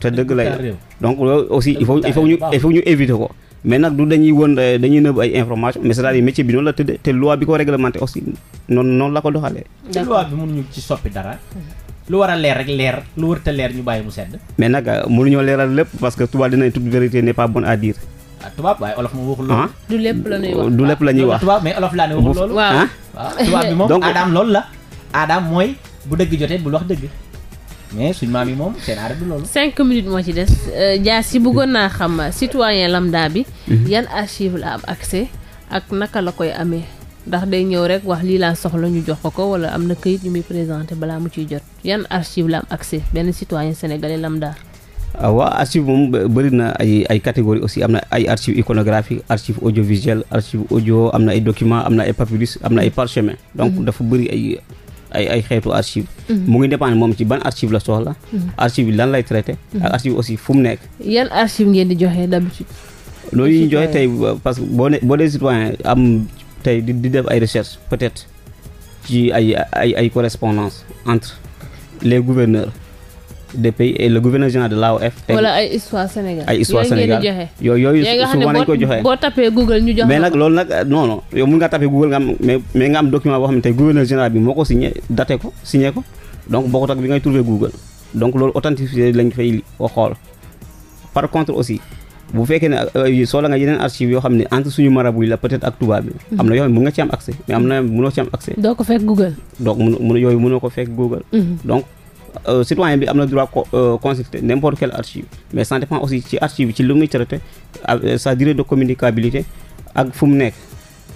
dëgg lay donc aussi il faut ñu il ko. mais nag du dañuy won euh, dañuy nëbb ay information mais c'est-à-dire bi noonu la tëddee te loi bi ko réglementé aussi noonu la ko doxalee. te loi soppi dara. Mm-hmm. lu war a leer lu wërta leer ñu bàyyi mu sedd. mais nag euh, mënuñoo leeral lépp parce que tubaab dinañ toute vérité n'est pas bonne à dire. ah tubaab waaye olof moom waxul loolu. Ah? du lépp la ñuy wax du lépp la ñuy wax. tubaab laa ne waxul loolu. waaw ah? tubaab bi moom Adam loolu la. Adam mooy bu dëgg jotee bul wax dëgg. mais suñ maam yi moom seen aada du loolu. cinq minutes moo ci des euh, Dias yi buggoon naa xam citoyen lambda bi. Mhm. yan archive la am accès ak naka la koy amee ndax day ñëw rek wax lii laa soxla ñu jox ko ko wala am na këyit yu muy présenté balaa mu ciy jot yan archive la am accès benn citoyen sénégalais lambda. Ah, waaw archive moom bëri na ay ay catégorie aussi am na ay archive iconographique archive audiovisuel archive audio am na ay documents am na ay papyrus am na ay parchemin donc mhm. dafa bëri ay. ay ay xeetu archive mhm. mu ngi dépendre moom ci ban archive la soxla mhm. archive bi lan lay traité mhm. ak archive aussi fu mu nekk yan archive ngeen di joxe d'habitude loolu ñu joxe tey parce que boo ne boo dee citoyen am tey di di def ay recherche peut-être ci ay ay ay correspondance entre les gouverneurs des pays et le gouverneur général de l'AOF. wala ay histoire Sénégal ay histoire Sénégal yooyu yooyu souvent nañu ko boo tapé Google mais nag loolu nag non non yow mun nga tapé Google am mais mais nga am document boo bi moo ko signé daté ko signé ko donc bokkut ak bi ngay trouvé par contre aussi. bu fekkee ne euh, soxla nga yeneen archive yoo xam ne entre suñu marabu yi la peut-être ak tubaab hmm. am na yoo xam ne mën nga ci am accès mais am na ko fekk Google yooyu mënoo ko fekk Google hmm. Euh, citoyen bi am na droit euh, consulter n'importe quelle archive mais ça dépend aussi ci archive ci lu muy traité euh, sa durée de communicabilité ak fu nekk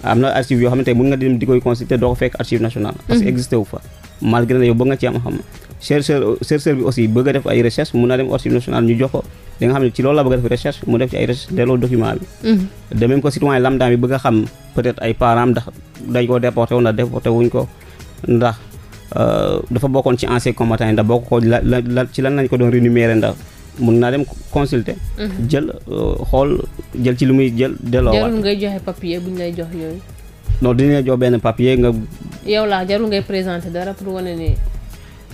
am na archive yoo xamante ne mën nga dem di koy doo ko fekk archive nationale parce que mhm. existé wu fa malgré ne yow nga ci am xam chercheur chercheur bi aussi bëgg a def ay recherche mun naa dem archive nationale ñu jox ko li nga xam ne ci loolu la bëgg a def recherche mu def ci ay recherche delloo document bi mhm. Euh, dafa bokkoon ci ancien combattant yi ndax boo ko la la ci lan lañ ko doon rémunéré ndax mun naa dem consulter. Mhm. jël euh, xool jël ci lu muy jël. delloo waat jarul ngay joxe papier bu ñu lay jox yooyu. non dinañ la jox benn papier nga. yow laa jarul ngay présenter dara pour wane ne.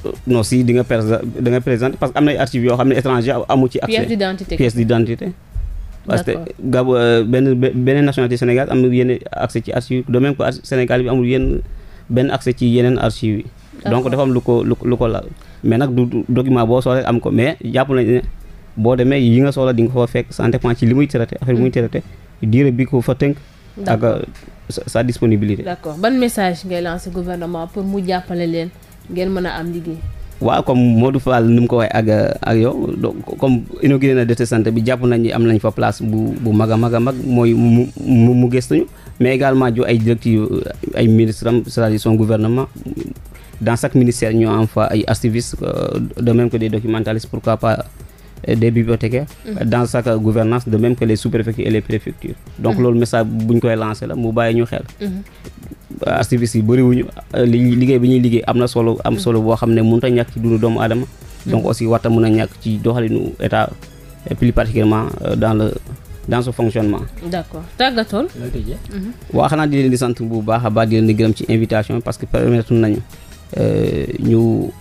Euh, non si di nga présent di nga présenter parce que am na ay yoo xam ne étranger amu ci. accès pièce d'identité pièce d'identité. parce que gab benn beneen nationalité Sénégal amul yenn accès ci archives de même que Sénégal bi amul yenn benn accès ci yeneen archives yi. donc dafa lu ko lu lu ko la mais nag du document boo soxla am ko mais jàpp nañ ne boo demee yi nga soxla di nga fa fekk ça dépend ci li muy traité affaire bi muy hmm. traité diire bi ko fa tënk ak euh, sa disponibilité d'accord ban message ngay lancé gouvernement pour mu jàppale leen ngeen mën a am liggéey waaw comme Modou Fall ni mu ko waxee ak euh, ak yow donc comme inauguré na DT santé bi jàpp nañu am nañ fa place bu bu mag a mag a mag mooy mu mu nañu mais également jox ay directive ay ministre am gouvernement dans chaque ministère ñoo am fa ay archivistes euh, de même que des documentalistes pourquoi pas euh, des bibliothécaires mm-hmm. dans chaque gouvernance de même que les sous-préfectures et les préfectures donc mm-hmm. loolu message bu ñu koy lancé la mu bàyyi ñu xel mm-hmm. activistes yi bëriwuñu euh, li liggéey bi ñuy liggéey am na solo am solo boo xam ne mënut a ñàkk ci dundu doomu aadama donc aussi warta mun a ñàkk ci doxalinu état plus particulièrement dans le dans ce fonctionnement d'accord tàggatool waa xanaa di bu baax a baax di leen que permettre Euh, ñu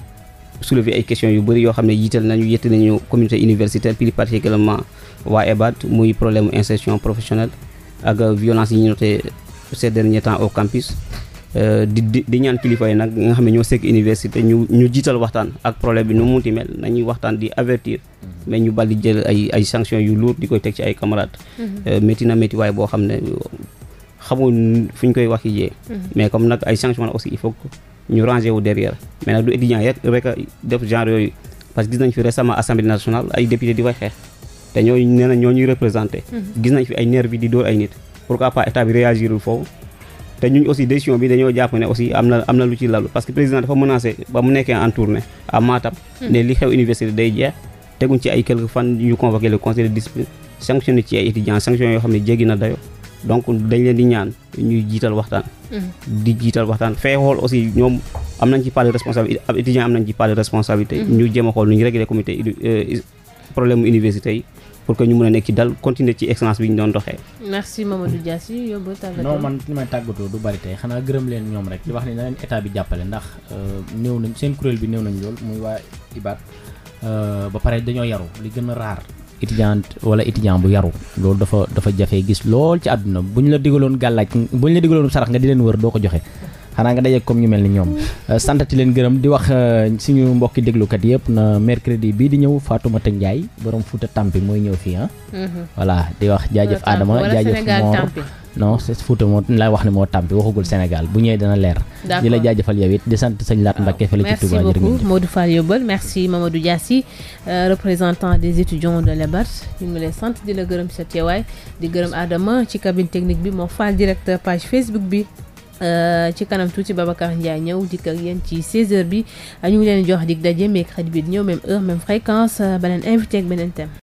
soulever ay questions yu bëri yoo xam ne jiital nañu yëtt nañu communauté universitaire plus particulièrement waa EBAD muy problème insertion professionnelle ak violence yi ñu noté ces derniers temps au campus euh, di di ñaan kilifa yi nag nga xam ne ñoo sekk université ñu ñu jiital waxtaan ak problème bi nu mu munti mel nañuy waxtaan di avertir mais ñu bal di jël ay ay sanctions yu lourd di koy teg ci ay camarades mm-hmm. euh, métti na métti waaye boo xam ne xamul fu ñu koy wax yijee mm-hmm. mais ñu rangé wu derrière mais nag du étudiant yek rek def genre yooyu parce que gis nañ fi récemment assemblée nationale ay député di fay xeex te ñooñu ñuy représenté mhm. gis nañ fi ay nervi di dóor ay nit pourquoi pas état bi réagirul foofu te ñun aussi décision bi dañoo jàpp ne aussi am na am na lu ci lalu parce que président dafa menacé ba mu nekkee en tournée à Matam mhm. ne li xew université day jeex teguñ ci ay quelques fan ñu convoqué le conseil de discipline sanction yoo xam ne jéggi na dayo donc dañ leen di ñaan ñuy jiital waxtaan. Hmm. di jiital waxtaan fee aussi ñoom am nañ ci par de responsabilité ab am nañ ci part de hmm. ñu jéem a xool nu ñu réglé comité euh, problème mu université yi. pour que ñu mun a nekk ci dal continuer ci excellence bi ñu doon doxee. merci Mamadou Diassi yóbbu tàggatoo. non man li may tàggatoo du bari tey xanaa gërëm leen ñoom rek di wax ne na leen état bi jàppale ndax euh, néew nañ seen kuréel bi néew nañ lool muy waa IBAD euh, ba pare dañoo yaru li gën a raar étudiante wala étudiant bu yaru loolu dafa dafa jafe gis lool ci àdduna ñu la digaloon gàllaaj buñ la digaloon sarax nga di leen wër doo ko joxe xanaa nga daje comme ñu mel ni ñoom mm. santati leen gërëm di wax euh, suñu mbokki déglukat yëpp na mercredi bii di ñëw Fatoumata Ndiaye borom Fouta Tampi mooy ñëw fii ah mm-hmm. voilà di wax jaajëf aadama jaajëf Mor non c'est Fouta moo lay wax ne moo tàmpi waxagul Sénégal bu ñëwee dana leer. di la jaajëfal yow it di sant sëñ Laat Mbacké fële ci Touba. merci beaucoup Modou Fall Yobal merci Mamadou Diassi euh, représentant des étudiants de l'EBAT ñu ngi leen sant di la gërëm sa teewaay di gërëm Adama ci cabine technique bi moo Fall directeur page Facebook bi. Euh, ci kanam tuuti Babacar Ndiaye ñëw dikk ak yéen ci 16h bi ñu ngi leen jox dig daje mercredi bi di ñëw même heure même fréquence euh, beneen invité ak beneen